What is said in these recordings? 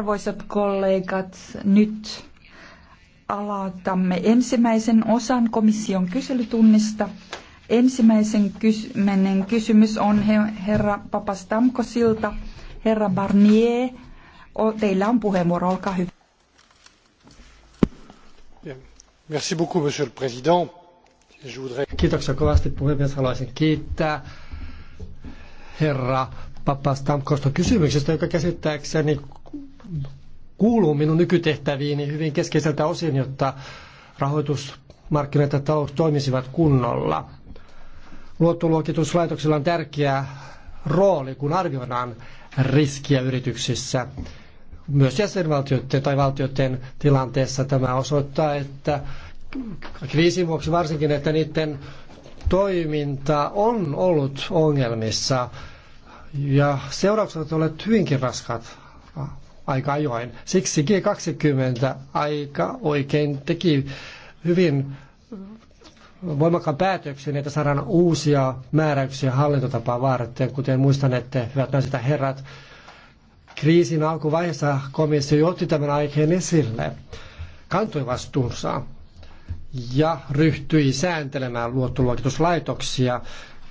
Arvoisat kollegat, nyt alatamme ensimmäisen osan komission kyselytunnista. Ensimmäisen kysymenen kysymys on herra Papastamkosilta. Herra Barnier, teillä on puheenvuoro, olkaa hyvä. Merci beaucoup, monsieur le président. Kiitoksia kovasti puhemies. Haluaisin kiittää herra Papastamkosta kysymyksestä, joka käsittääkseni kuuluu minun nykytehtäviini hyvin keskeiseltä osin, jotta rahoitusmarkkinat ja talous toimisivat kunnolla. Luottoluokituslaitoksella on tärkeä rooli, kun arvioidaan riskiä yrityksissä. Myös jäsenvaltioiden tai valtioiden tilanteessa tämä osoittaa, että kriisin vuoksi varsinkin, että niiden toiminta on ollut ongelmissa ja seuraukset ovat olleet hyvinkin raskaat aika ajoin. Siksi G20 aika oikein teki hyvin voimakkaan päätöksen, että saadaan uusia määräyksiä hallintotapaa varten, kuten muistan, että hyvät naiset ja herrat, kriisin alkuvaiheessa komissio otti tämän aiheen esille, kantoi vastuunsa ja ryhtyi sääntelemään luottoluokituslaitoksia,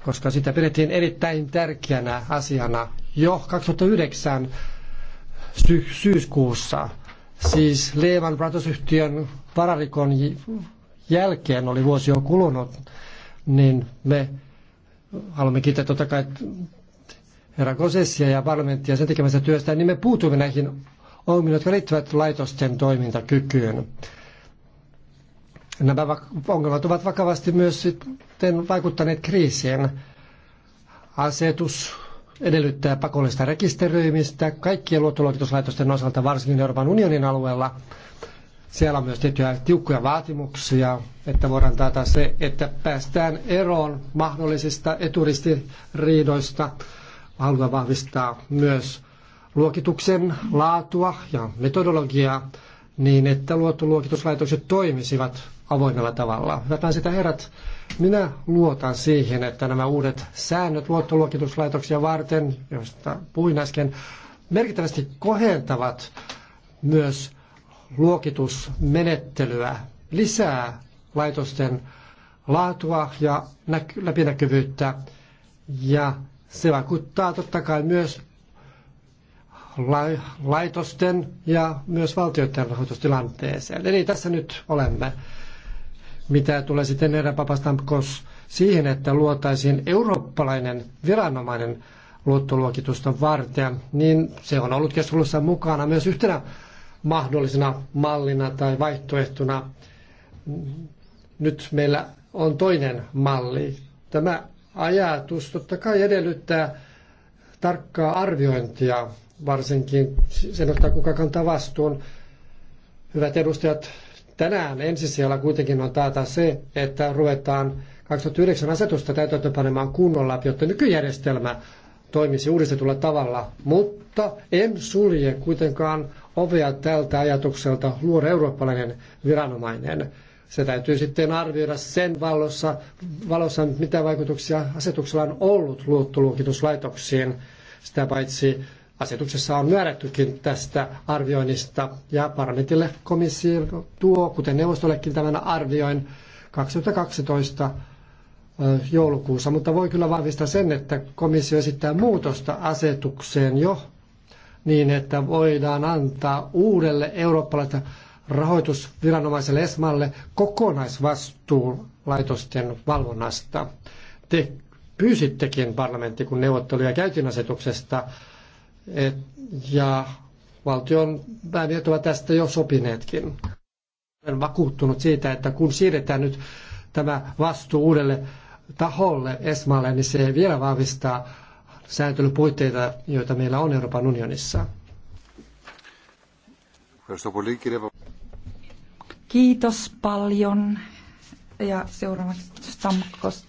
koska sitä pidettiin erittäin tärkeänä asiana jo 2009 sy- syyskuussa. Siis Lehman Brothers-yhtiön vararikon jälkeen oli vuosi jo kulunut, niin me haluamme kiittää totta kai herra Kosessia ja parlamenttia sen tekemästä työstä, niin me puutumme näihin ongelmiin, jotka liittyvät laitosten toimintakykyyn. Nämä ongelmat ovat vakavasti myös sitten vaikuttaneet kriisiin. Asetus edellyttää pakollista rekisteröimistä kaikkien luottoluokituslaitosten osalta, varsinkin Euroopan unionin alueella. Siellä on myös tiettyjä tiukkoja vaatimuksia, että voidaan taata se, että päästään eroon mahdollisista eturistiriidoista. Haluan vahvistaa myös luokituksen laatua ja metodologiaa niin, että luottoluokituslaitokset toimisivat avoimella tavalla. Hyvät sitä herrat, minä luotan siihen, että nämä uudet säännöt luottoluokituslaitoksia varten, joista puhuin äsken, merkittävästi kohentavat myös luokitusmenettelyä, lisää laitosten laatua ja läpinäkyvyyttä. Ja se vaikuttaa totta kai myös laitosten ja myös valtioiden rahoitustilanteeseen. Eli tässä nyt olemme mitä tulee sitten Nera Papastamkos siihen, että luotaisiin eurooppalainen viranomainen luottoluokitusta varten, niin se on ollut keskustelussa mukana myös yhtenä mahdollisena mallina tai vaihtoehtona. Nyt meillä on toinen malli. Tämä ajatus totta kai edellyttää tarkkaa arviointia, varsinkin sen ottaa kuka kantaa vastuun. Hyvät edustajat, Tänään ensisijalla kuitenkin on taata se, että ruvetaan 2009 asetusta täytäntöönpanemaan kunnolla, jotta nykyjärjestelmä toimisi uudistetulla tavalla, mutta en sulje kuitenkaan ovea tältä ajatukselta luoda eurooppalainen viranomainen. Se täytyy sitten arvioida sen valossa, valossa mitä vaikutuksia asetuksella on ollut luottoluokituslaitoksiin. Sitä paitsi Asetuksessa on määrättykin tästä arvioinnista ja parlamentille komissio tuo, kuten neuvostollekin tämän arvioin 2012 joulukuussa, mutta voi kyllä vahvistaa sen, että komissio esittää muutosta asetukseen jo niin, että voidaan antaa uudelle eurooppalaiselle rahoitusviranomaiselle ESMAlle kokonaisvastuu laitosten valvonnasta. Te pyysittekin parlamentti, kun neuvotteluja käytiin asetuksesta et, ja valtion päämiehet ovat tästä jo sopineetkin. Olen vakuuttunut siitä, että kun siirretään nyt tämä vastuu uudelle taholle ESMAlle, niin se vielä vahvistaa sääntelypuitteita, joita meillä on Euroopan unionissa. Kiitos paljon. Ja seuraavaksi Stamkos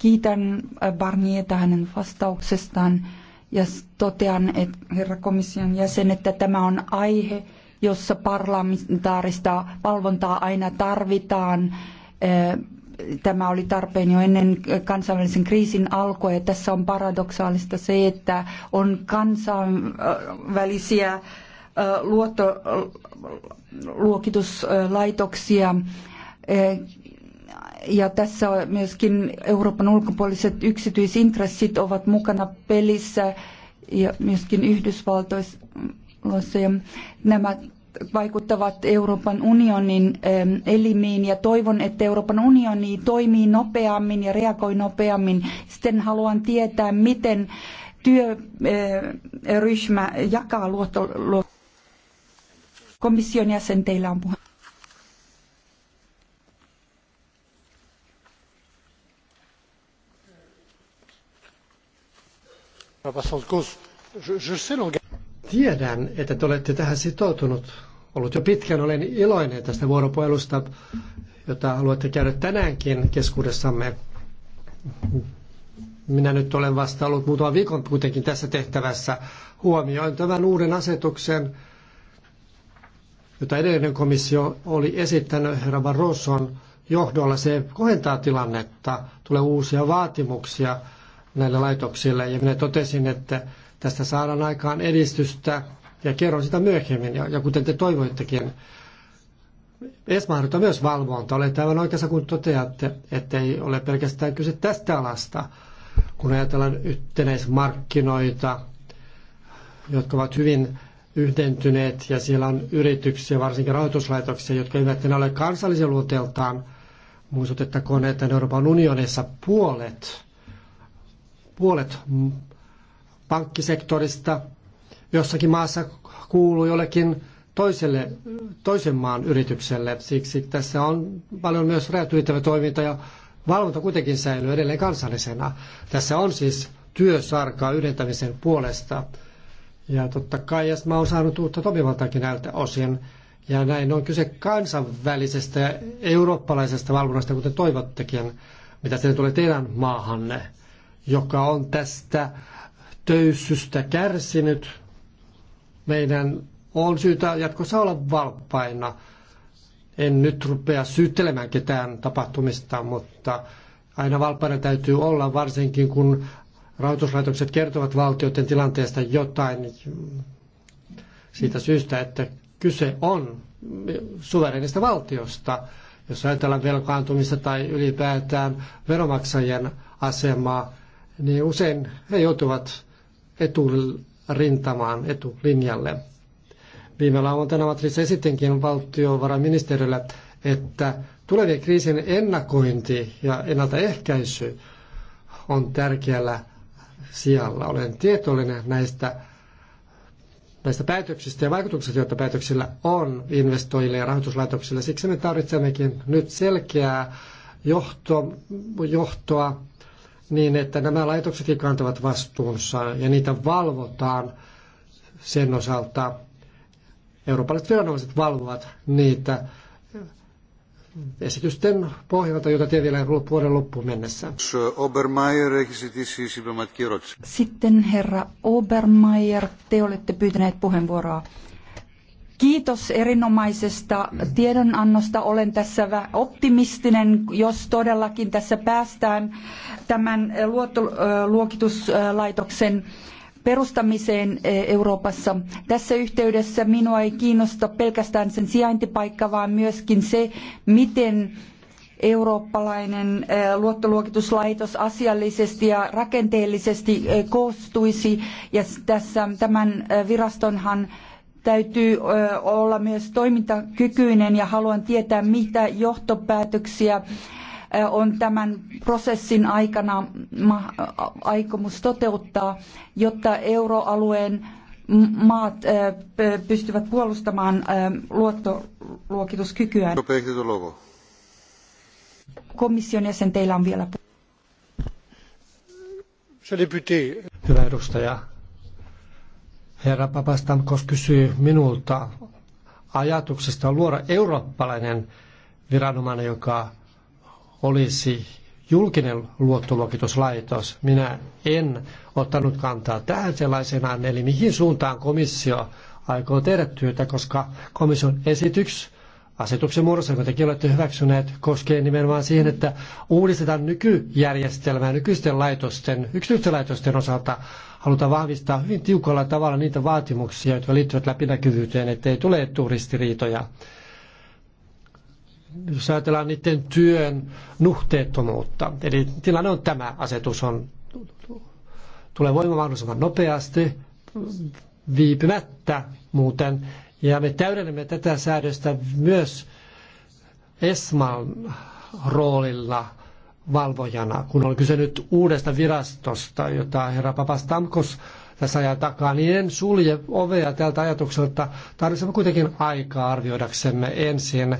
Kiitän Barnieta hänen vastauksestaan ja totean, että herra komission jäsen, että tämä on aihe, jossa parlamentaarista valvontaa aina tarvitaan. Tämä oli tarpeen jo ennen kansainvälisen kriisin alkua ja tässä on paradoksaalista se, että on kansainvälisiä luottoluokituslaitoksia, ja tässä myöskin Euroopan ulkopuoliset yksityisintressit ovat mukana pelissä ja myöskin Yhdysvaltoissa. Ja nämä vaikuttavat Euroopan unionin elimiin ja toivon, että Euroopan unioni toimii nopeammin ja reagoi nopeammin. Sitten haluan tietää, miten työryhmä jakaa luottoluokkaa. Komission jäsen, teillä on puhe. Tiedän, että te olette tähän sitoutunut. Ollut jo pitkään olen iloinen tästä vuoropuhelusta, jota haluatte käydä tänäänkin keskuudessamme. Minä nyt olen vasta ollut muutaman viikon kuitenkin tässä tehtävässä. Huomioin tämän uuden asetuksen, jota edellinen komissio oli esittänyt herra Barroson johdolla. Se kohentaa tilannetta, tulee uusia vaatimuksia – näille laitoksille. Ja minä totesin, että tästä saadaan aikaan edistystä ja kerron sitä myöhemmin. Ja, ja kuten te toivoittekin, Esmahdut on myös valvonta. Olette aivan oikeassa, kun toteatte, että ei ole pelkästään kyse tästä alasta, kun ajatellaan yhtenäismarkkinoita, jotka ovat hyvin yhdentyneet ja siellä on yrityksiä, varsinkin rahoituslaitoksia, jotka eivät enää ole kansallisen luoteltaan. Muistutettakoon, että Euroopan unionissa puolet puolet pankkisektorista jossakin maassa kuuluu jollekin toiselle, toisen maan yritykselle. Siksi tässä on paljon myös rajat ylittävä toiminta ja valvonta kuitenkin säilyy edelleen kansallisena. Tässä on siis työsarkaa yhdentämisen puolesta. Ja totta kai mä on saanut uutta toimivaltaakin näiltä osin. Ja näin on kyse kansainvälisestä ja eurooppalaisesta valvonnasta, kuten toivottekin, mitä se tulee teidän maahanne joka on tästä töyssystä kärsinyt. Meidän on syytä jatkossa olla valppaina. En nyt rupea syyttelemään ketään tapahtumista, mutta aina valppaina täytyy olla, varsinkin kun rahoituslaitokset kertovat valtioiden tilanteesta jotain siitä syystä, että kyse on suverenista valtiosta, jos ajatellaan velkaantumista tai ylipäätään veromaksajien asemaa, niin usein he joutuvat eturintamaan, etulinjalle. Viime lauantaina Matrissa esittenkin valtiovarainministeriöllä, että tulevien kriisin ennakointi ja ennaltaehkäisy on tärkeällä sijalla. Olen tietoinen näistä, näistä päätöksistä ja vaikutuksista, joita päätöksillä on investoijille ja rahoituslaitoksille. Siksi me tarvitsemmekin nyt selkeää johto, johtoa niin, että nämä laitoksetkin kantavat vastuunsa ja niitä valvotaan sen osalta. Eurooppalaiset viranomaiset valvovat niitä esitysten pohjalta, joita tie vielä vuoden loppuun mennessä. Siis sitten herra Obermeier, te olette pyytäneet puheenvuoroa. Kiitos erinomaisesta tiedonannosta. Olen tässä optimistinen, jos todellakin tässä päästään tämän luottoluokituslaitoksen perustamiseen e, Euroopassa. Tässä yhteydessä minua ei kiinnosta pelkästään sen sijaintipaikka, vaan myöskin se, miten eurooppalainen e, luottoluokituslaitos asiallisesti ja rakenteellisesti e, koostuisi. Ja tässä tämän virastonhan täytyy olla myös toimintakykyinen ja haluan tietää, mitä johtopäätöksiä on tämän prosessin aikana aikomus toteuttaa, jotta euroalueen maat pystyvät puolustamaan luottoluokituskykyään. Komission jäsen, teillä on vielä. Hyvä edustaja, Herra Papastamkos kysyy minulta ajatuksesta luoda eurooppalainen viranomainen, joka olisi julkinen luottoluokituslaitos. Minä en ottanut kantaa tähän sellaisenaan, eli mihin suuntaan komissio aikoo tehdä työtä, koska komission esityks asetuksen muodossa, jonka tekin olette hyväksyneet, koskee nimenomaan siihen, että uudistetaan nykyjärjestelmää nykyisten laitosten, yksityisten laitosten osalta halutaan vahvistaa hyvin tiukalla tavalla niitä vaatimuksia, jotka liittyvät läpinäkyvyyteen, ettei tule turistiriitoja. Jos ajatellaan niiden työn nuhteettomuutta, eli tilanne on tämä, asetus on, tulee voimaan mahdollisimman nopeasti, viipymättä muuten, ja me täydennämme tätä säädöstä myös ESMAn roolilla – valvojana, kun on kyse nyt uudesta virastosta, jota herra Papastamkos tässä ajan takaa, niin en sulje ovea tältä ajatukselta. Tarvitsemme kuitenkin aikaa arvioidaksemme ensin,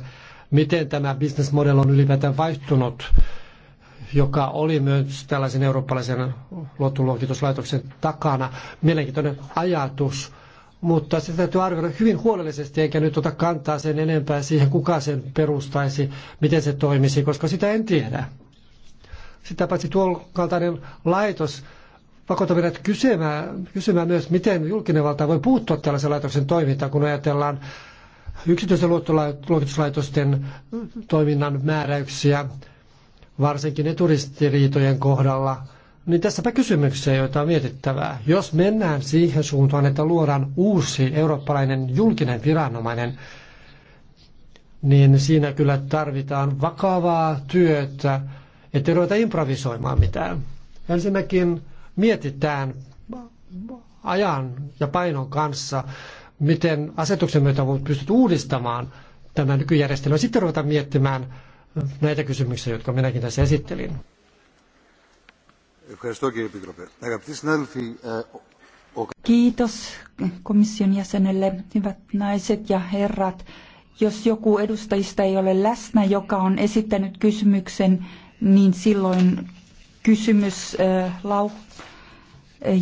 miten tämä business on ylipäätään vaihtunut, joka oli myös tällaisen eurooppalaisen luottoluokituslaitoksen takana. Mielenkiintoinen ajatus, mutta sitä täytyy arvioida hyvin huolellisesti, eikä nyt ota kantaa sen enempää siihen, kuka sen perustaisi, miten se toimisi, koska sitä en tiedä. Sitä paitsi tuon kaltainen laitos pakota meidät kysymään, kysymään myös, miten julkinen valta voi puuttua tällaisen laitoksen toimintaan, kun ajatellaan yksityisten luottoluokituslaitosten toiminnan määräyksiä, varsinkin eturistiriitojen kohdalla. Niin tässäpä kysymyksiä, joita on mietittävää. Jos mennään siihen suuntaan, että luodaan uusi eurooppalainen julkinen viranomainen, niin siinä kyllä tarvitaan vakavaa työtä ettei ruveta improvisoimaan mitään. Ensinnäkin mietitään ajan ja painon kanssa, miten asetuksen myötä pystyt uudistamaan tämän nykyjärjestelmän. Sitten ruvetaan miettimään näitä kysymyksiä, jotka minäkin tässä esittelin. Kiitos komission jäsenelle, hyvät naiset ja herrat. Jos joku edustajista ei ole läsnä, joka on esittänyt kysymyksen, niin silloin kysymys lau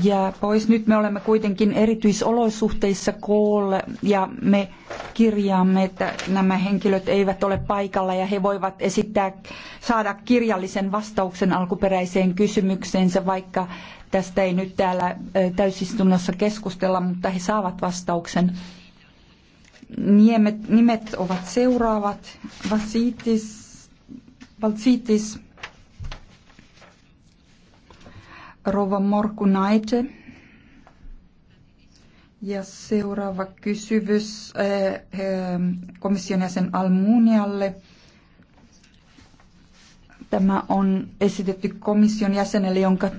jää pois. Nyt me olemme kuitenkin erityisolosuhteissa koolle ja me kirjaamme, että nämä henkilöt eivät ole paikalla ja he voivat esittää, saada kirjallisen vastauksen alkuperäiseen kysymykseensä, vaikka tästä ei nyt täällä täysistunnossa keskustella, mutta he saavat vastauksen. Niemet, nimet ovat seuraavat. Vasitis, Valtsitis, Rova Naite. Ja seuraava kysymys eh, eh, komission jäsen Almunialle. Tämä on esitetty komission jäsenelle, jonka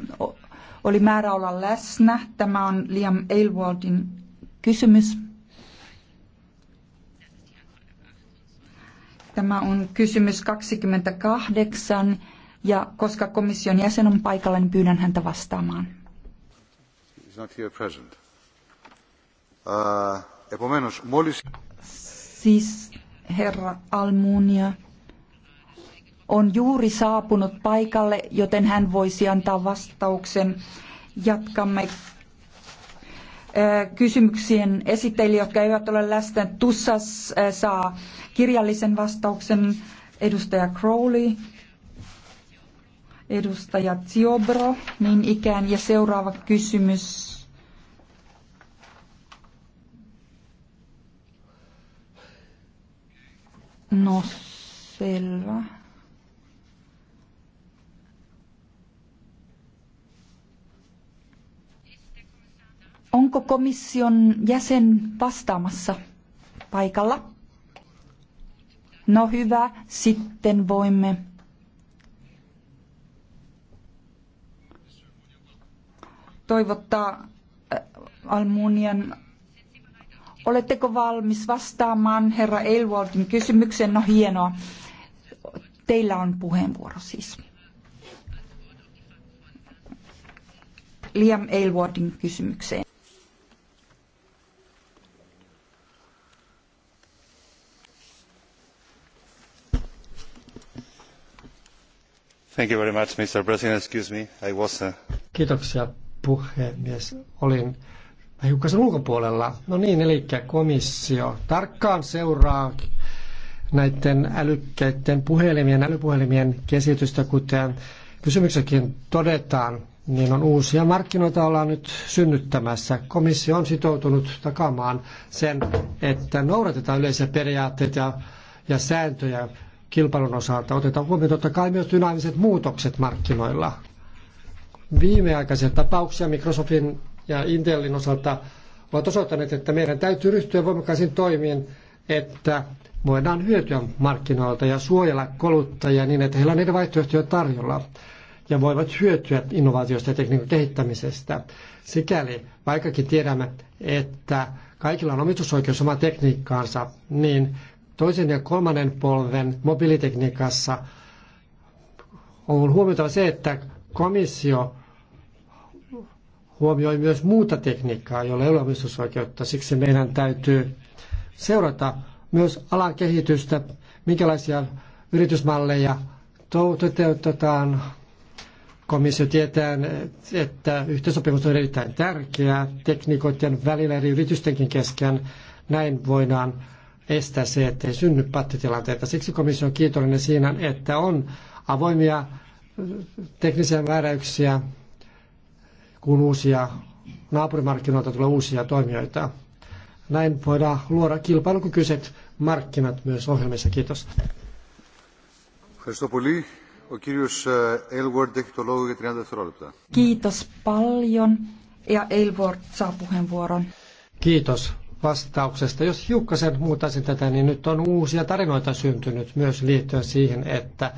oli määrä olla läsnä. Tämä on Liam Aylwardin kysymys. Tämä on kysymys 28 ja koska komission jäsen on paikalla, niin pyydän häntä vastaamaan. Uh, siis herra Almunia on juuri saapunut paikalle, joten hän voisi antaa vastauksen. Jatkamme uh, kysymyksien esittelijä, jotka eivät ole läsnä. Tussas uh, saa kirjallisen vastauksen edustaja Crowley edustaja Ziobro niin ikään. Ja seuraava kysymys. No selvä. Onko komission jäsen vastaamassa paikalla? No hyvä, sitten voimme toivottaa äh, Almunian Oletteko valmis vastaamaan herra Elwaldin kysymykseen? No hienoa. Teillä on puheenvuoro siis. Liam Aylwardin kysymykseen. Thank you very much, Mr. President. Excuse me. I was, uh... Kiitoksia puhemies. Olin hiukkasen ulkopuolella. No niin, eli komissio tarkkaan seuraa näiden älykkäiden puhelimien, älypuhelimien kesitystä, kuten kysymyksessäkin todetaan, niin on uusia markkinoita ollaan nyt synnyttämässä. Komissio on sitoutunut takaamaan sen, että noudatetaan yleisiä periaatteita ja, ja sääntöjä kilpailun osalta. Otetaan huomioon totta kai myös dynaamiset muutokset markkinoilla viimeaikaisia tapauksia Microsoftin ja Intelin osalta ovat osoittaneet, että meidän täytyy ryhtyä voimakkaisiin toimiin, että voidaan hyötyä markkinoilta ja suojella kuluttajia niin, että heillä on niiden vaihtoehtoja tarjolla ja voivat hyötyä innovaatiosta ja tekniikan kehittämisestä. Sikäli, vaikkakin tiedämme, että kaikilla on omistusoikeus oma tekniikkaansa, niin toisen ja kolmannen polven mobiilitekniikassa on huomioitava se, että Komissio huomioi myös muuta tekniikkaa, jolla ei ole omistusoikeutta. Siksi meidän täytyy seurata myös alan kehitystä, minkälaisia yritysmalleja toteutetaan. Komissio tietää, että yhteensopimus on erittäin tärkeää tekniikoiden välillä eri yritystenkin kesken. Näin voidaan estää se, ettei synny pattitilanteita. Siksi komissio on kiitollinen siinä, että on avoimia teknisiä määräyksiä, kun uusia naapurimarkkinoilta tulee uusia toimijoita. Näin voidaan luoda kilpailukykyiset markkinat myös ohjelmissa. Kiitos. Kiitos paljon. Ja Elward saa puheenvuoron. Kiitos vastauksesta. Jos hiukkasen muuttaisin tätä, niin nyt on uusia tarinoita syntynyt myös liittyen siihen, että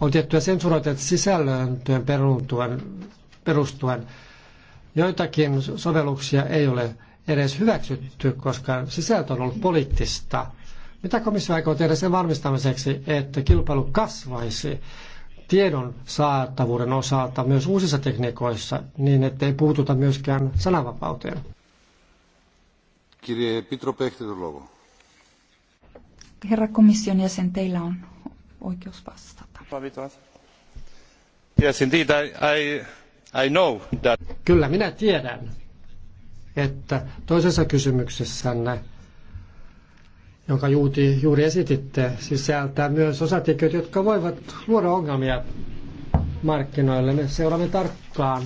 on tiettyä sensuroita sisällöntöön perustuen, perustuen. Joitakin sovelluksia ei ole edes hyväksytty, koska sisältö on ollut poliittista. Mitä komissio aikoo tehdä sen varmistamiseksi, että kilpailu kasvaisi tiedon saatavuuden osalta myös uusissa tekniikoissa, niin ettei puututa myöskään sananvapauteen? Kirje Pitrope, Herra komission jäsen, teillä on oikeus vastata. Kyllä minä tiedän, että toisessa kysymyksessänne, jonka juuri, juuri esititte, sisältää myös osatekijöitä, jotka voivat luoda ongelmia markkinoille. Me seuraamme tarkkaan.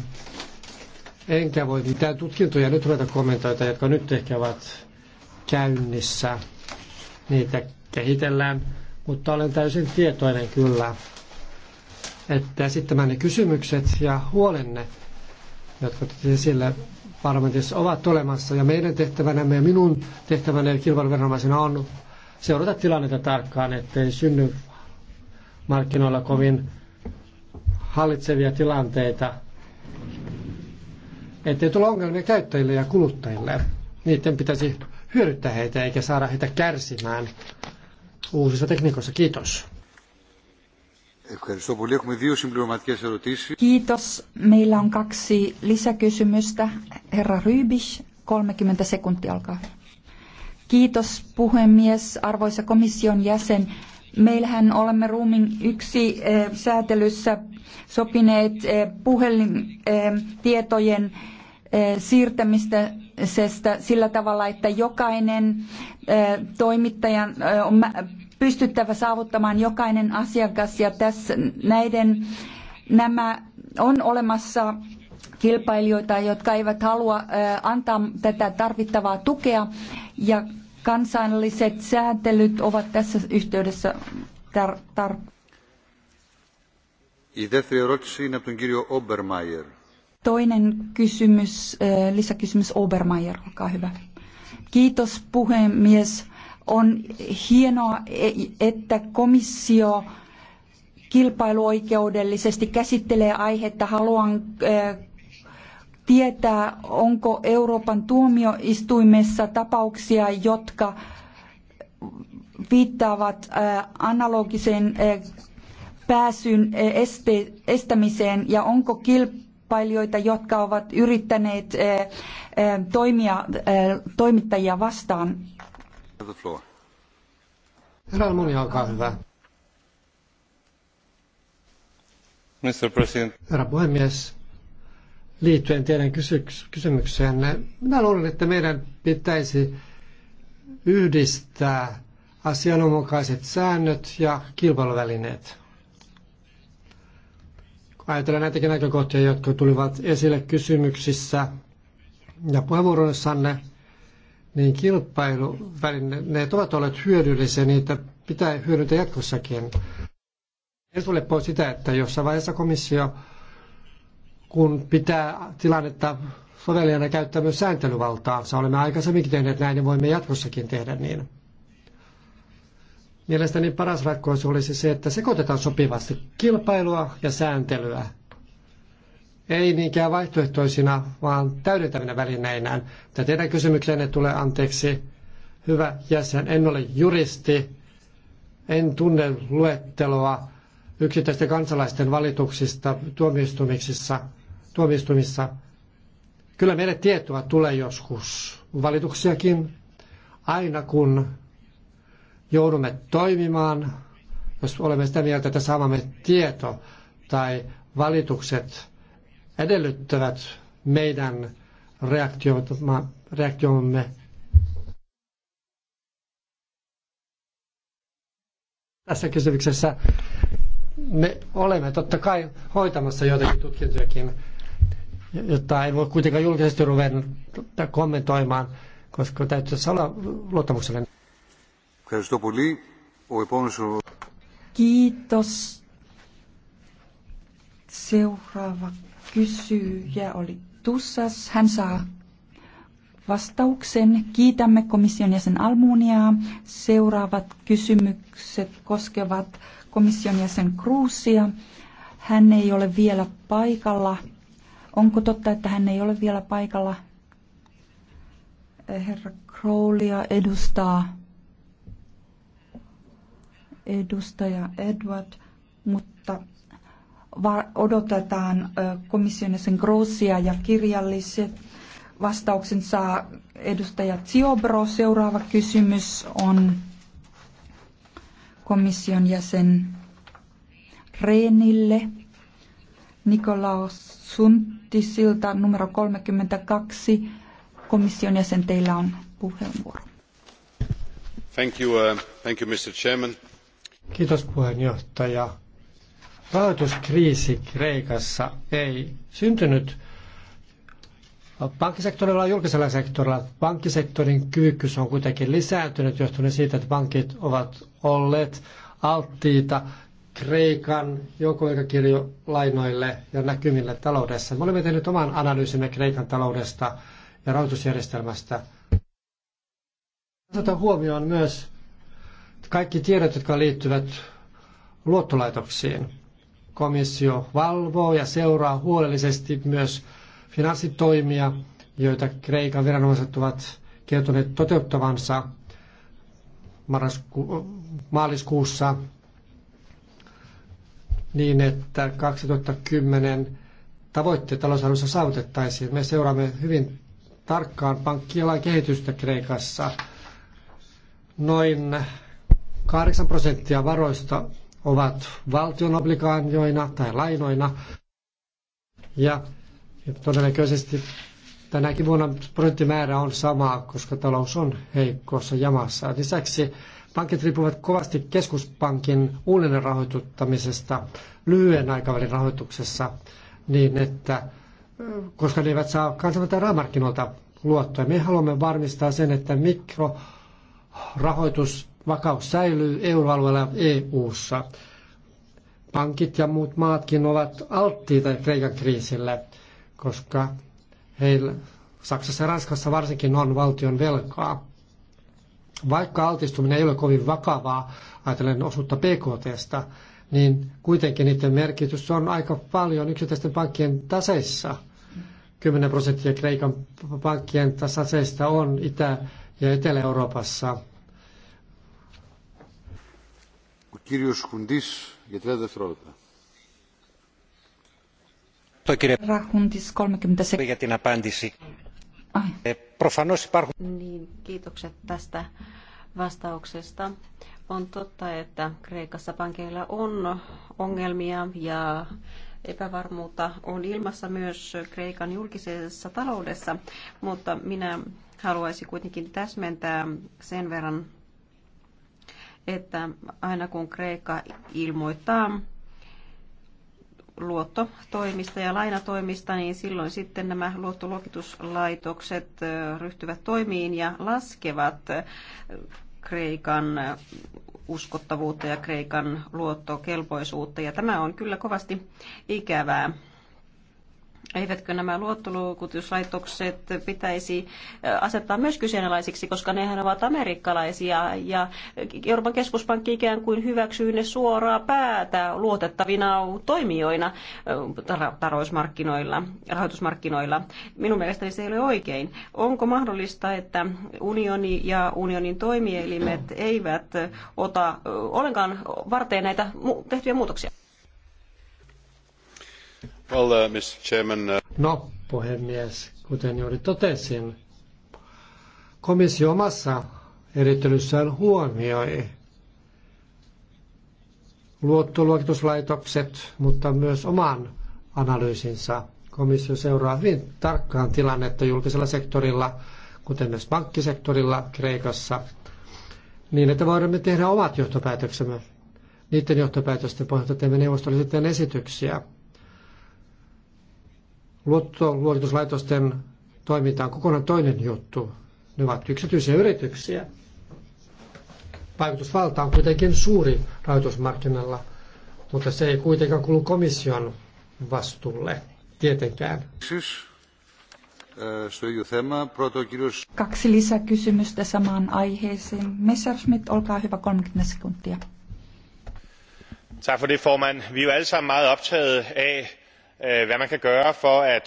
Enkä voi mitään tutkintoja nyt ruveta kommentoita, jotka nyt ehkä ovat käynnissä. Niitä kehitellään, mutta olen täysin tietoinen kyllä että ne kysymykset ja huolenne, jotka sille parlamentissa ovat olemassa. Ja meidän tehtävänämme ja minun tehtävänä kilpailuviranomaisena on seurata tilannetta tarkkaan, ettei synny markkinoilla kovin hallitsevia tilanteita, ettei tule ongelmia käyttäjille ja kuluttajille. Niiden pitäisi hyödyttää heitä eikä saada heitä kärsimään uusissa tekniikoissa. Kiitos. Kiitos. Meillä on kaksi lisäkysymystä. Herra Rybis, 30 sekuntia alkaa. Kiitos puhemies, arvoisa komission jäsen. Meillähän olemme roomin yksi eh, säätelyssä sopineet eh, puhelintietojen eh, siirtämisestä sillä tavalla, että jokainen toimittajan on pystyttävä saavuttamaan jokainen asiakas ja tässä näiden nämä on olemassa kilpailijoita, jotka eivät halua antaa tätä tarvittavaa tukea ja kansainväliset sääntelyt ovat tässä yhteydessä tar- tar- Toinen kysymys, lisäkysymys Obermeier, olkaa hyvä. Kiitos puhemies. On hienoa, että komissio kilpailuoikeudellisesti käsittelee aihetta. Haluan tietää, onko Euroopan tuomioistuimessa tapauksia, jotka viittaavat analogiseen pääsyn estämiseen ja onko kilpailijoita, jotka ovat yrittäneet toimia toimittajia vastaan the floor. Herra Mr. President. Herra puhemies, liittyen teidän kysymykseenne, minä luulen, että meidän pitäisi yhdistää asianmukaiset säännöt ja kilpailuvälineet. Ajatellaan näitäkin näkökohtia, jotka tulivat esille kysymyksissä ja puheenvuoroissanne niin kilpailuvälineet ovat olleet hyödyllisiä, niitä pitää hyödyntää jatkossakin. En sulle pois sitä, että jossain vaiheessa komissio, kun pitää tilannetta sovellijana käyttää myös sääntelyvaltaansa, olemme aikaisemminkin tehneet näin ja niin voimme jatkossakin tehdä niin. Mielestäni paras ratkaisu olisi se, että sekoitetaan sopivasti kilpailua ja sääntelyä ei niinkään vaihtoehtoisina, vaan täydentävinä välineinä. Tämä teidän kysymykseenne tulee anteeksi. Hyvä jäsen, en ole juristi, en tunne luetteloa yksittäisten kansalaisten valituksista tuomioistumissa. tuomioistuimissa. Kyllä meille tietoa tulee joskus valituksiakin, aina kun joudumme toimimaan, jos olemme sitä mieltä, että saamamme tieto tai valitukset edellyttävät meidän reaktiomme. Tässä kysymyksessä me olemme totta kai hoitamassa joitakin tutkintojakin, jotta en voi kuitenkaan julkisesti ruveta kommentoimaan, koska täytyy tässä olla luottamuksellinen. Kiitos. seuraava kysyjä oli Tussas. Hän saa vastauksen. Kiitämme komission jäsen Almuniaa. Seuraavat kysymykset koskevat komission jäsen Kruusia. Hän ei ole vielä paikalla. Onko totta, että hän ei ole vielä paikalla? Herra Crowleya edustaa edustaja Edward, mutta odotetaan komission jäsen Grossia ja kirjalliset vastauksen saa edustaja Ziobro. Seuraava kysymys on komission jäsen Reenille. Nikolaus Suntisilta numero 32. Komission jäsen, teillä on puheenvuoro. Thank you, uh, thank you, Mr. Chairman. Kiitos puheenjohtaja rahoituskriisi Kreikassa ei syntynyt pankkisektorilla ja julkisella sektorilla. Pankkisektorin kyvykkyys on kuitenkin lisääntynyt johtuen siitä, että pankit ovat olleet alttiita Kreikan joukkoaikakirjolainoille ja näkymille taloudessa. Me olemme tehneet oman analyysimme Kreikan taloudesta ja rahoitusjärjestelmästä. Otetaan huomioon myös kaikki tiedot, jotka liittyvät luottolaitoksiin komissio valvoo ja seuraa huolellisesti myös finanssitoimia, joita Kreikan viranomaiset ovat kertoneet toteuttavansa marrasku- maaliskuussa niin, että 2010 tavoitteet talousarvossa saavutettaisiin. Me seuraamme hyvin tarkkaan pankkialan kehitystä Kreikassa. Noin 8 prosenttia varoista ovat valtion tai lainoina. Ja, ja todennäköisesti tänäkin vuonna prosenttimäärä on sama, koska talous on heikossa jamassa. Lisäksi pankit riippuvat kovasti keskuspankin uudelleen rahoituttamisesta lyhyen aikavälin rahoituksessa niin, että koska ne eivät saa kansainvälistä rahamarkkinoilta luottoa. Me haluamme varmistaa sen, että mikrorahoitus vakaus säilyy euroalueella EU-ssa. Pankit ja muut maatkin ovat alttiita Kreikan kriisille, koska heillä Saksassa ja Ranskassa varsinkin on valtion velkaa. Vaikka altistuminen ei ole kovin vakavaa, ajatellen osuutta PKTstä, niin kuitenkin niiden merkitys on aika paljon yksittäisten pankkien taseissa. 10 prosenttia Kreikan pankkien taseista on Itä- ja Etelä-Euroopassa kiitokset tästä vastauksesta. On totta, että Kreikassa pankeilla on ongelmia ja epävarmuutta on ilmassa myös Kreikan julkisessa taloudessa, mutta minä haluaisin kuitenkin täsmentää sen verran että aina kun Kreikka ilmoittaa luottotoimista ja lainatoimista, niin silloin sitten nämä luottoluokituslaitokset ryhtyvät toimiin ja laskevat Kreikan uskottavuutta ja Kreikan luottokelpoisuutta. Ja tämä on kyllä kovasti ikävää. Eivätkö nämä luottoluokituslaitokset pitäisi asettaa myös kyseenalaisiksi, koska nehän ovat amerikkalaisia ja Euroopan keskuspankki ikään kuin hyväksyy ne suoraa päätä luotettavina toimijoina tarousmarkkinoilla, rahoitusmarkkinoilla. Minun mielestäni se ei ole oikein. Onko mahdollista, että unioni ja unionin toimielimet eivät ota ollenkaan varteen näitä tehtyjä muutoksia? Well, uh, Mr. Chairman, uh, No, puhemies, kuten juuri totesin, komissio omassa erittelyssään huomioi luottoluokituslaitokset, mutta myös oman analyysinsa Komissio seuraa hyvin tarkkaan tilannetta julkisella sektorilla, kuten myös pankkisektorilla Kreikassa, niin että voimme tehdä omat johtopäätöksemme. Niiden johtopäätösten pohjalta teemme neuvostolle sitten esityksiä luottoluokituslaitosten toiminta on kokonaan toinen juttu. Ne ovat yksityisiä yrityksiä. Vaikutusvalta on kuitenkin suuri rahoitusmarkkinalla, mutta se ei kuitenkaan kuulu komission vastuulle tietenkään. Kaksi lisäkysymystä samaan aiheeseen. Messerschmidt, olkaa hyvä 30 sekuntia. Tak for det, formand. Vi er jo alle sammen meget optaget af, Øh, øh,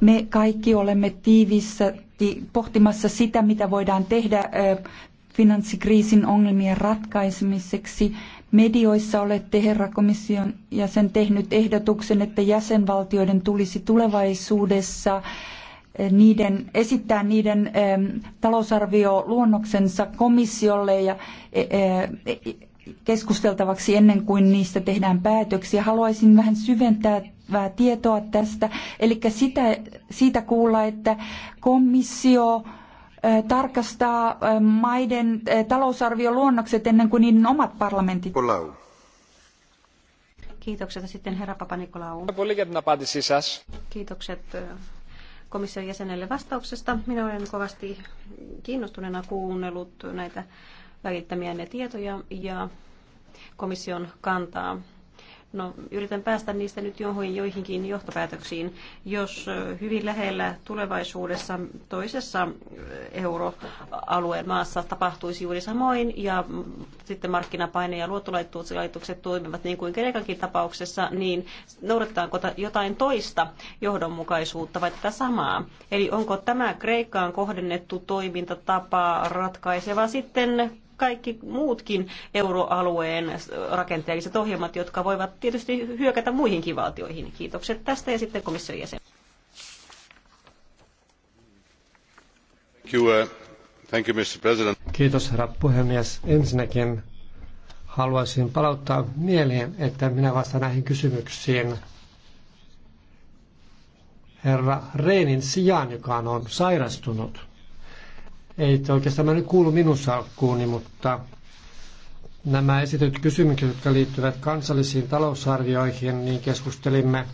Me kaikki olemme tiivissä pohtimassa sitä, mitä voidaan tehdä finanssikriisin ongelmien ratkaisemiseksi. Medioissa olette, herra komission jäsen, tehnyt ehdotuksen, että jäsenvaltioiden tulisi tulevaisuudessa niiden, esittää niiden talousarvioluonnoksensa komissiolle ja e, e, e, keskusteltavaksi ennen kuin niistä tehdään päätöksiä. Haluaisin vähän syventää riittävää tietoa tästä. Eli sitä, siitä kuulla, että komissio tarkastaa maiden talousarvioluonnokset ennen kuin niiden omat parlamentit. Kolau. Kiitokset sitten herra Papanikolaou. Kiitokset komission jäsenelle vastauksesta. Minä olen kovasti kiinnostuneena kuunnellut näitä välittämiänne tietoja ja komission kantaa No, yritän päästä niistä nyt johon, joihinkin johtopäätöksiin. Jos hyvin lähellä tulevaisuudessa toisessa euroalueen maassa tapahtuisi juuri samoin ja sitten markkinapaine ja luottolaitokset toimivat niin kuin Kreikankin tapauksessa, niin noudattaako jotain toista johdonmukaisuutta vai tätä samaa? Eli onko tämä Kreikkaan kohdennettu toimintatapa ratkaiseva sitten kaikki muutkin euroalueen rakenteelliset ohjelmat, jotka voivat tietysti hyökätä muihinkin valtioihin. Kiitokset tästä ja sitten komission jäsen. Uh, Kiitos herra puhemies. Ensinnäkin haluaisin palauttaa mieleen, että minä vastaan näihin kysymyksiin herra Rehnin sijaan, joka on sairastunut. Ei oikeastaan nyt kuulu minun salkkuuni, mutta nämä esityt kysymykset, jotka liittyvät kansallisiin talousarvioihin, niin keskustelimme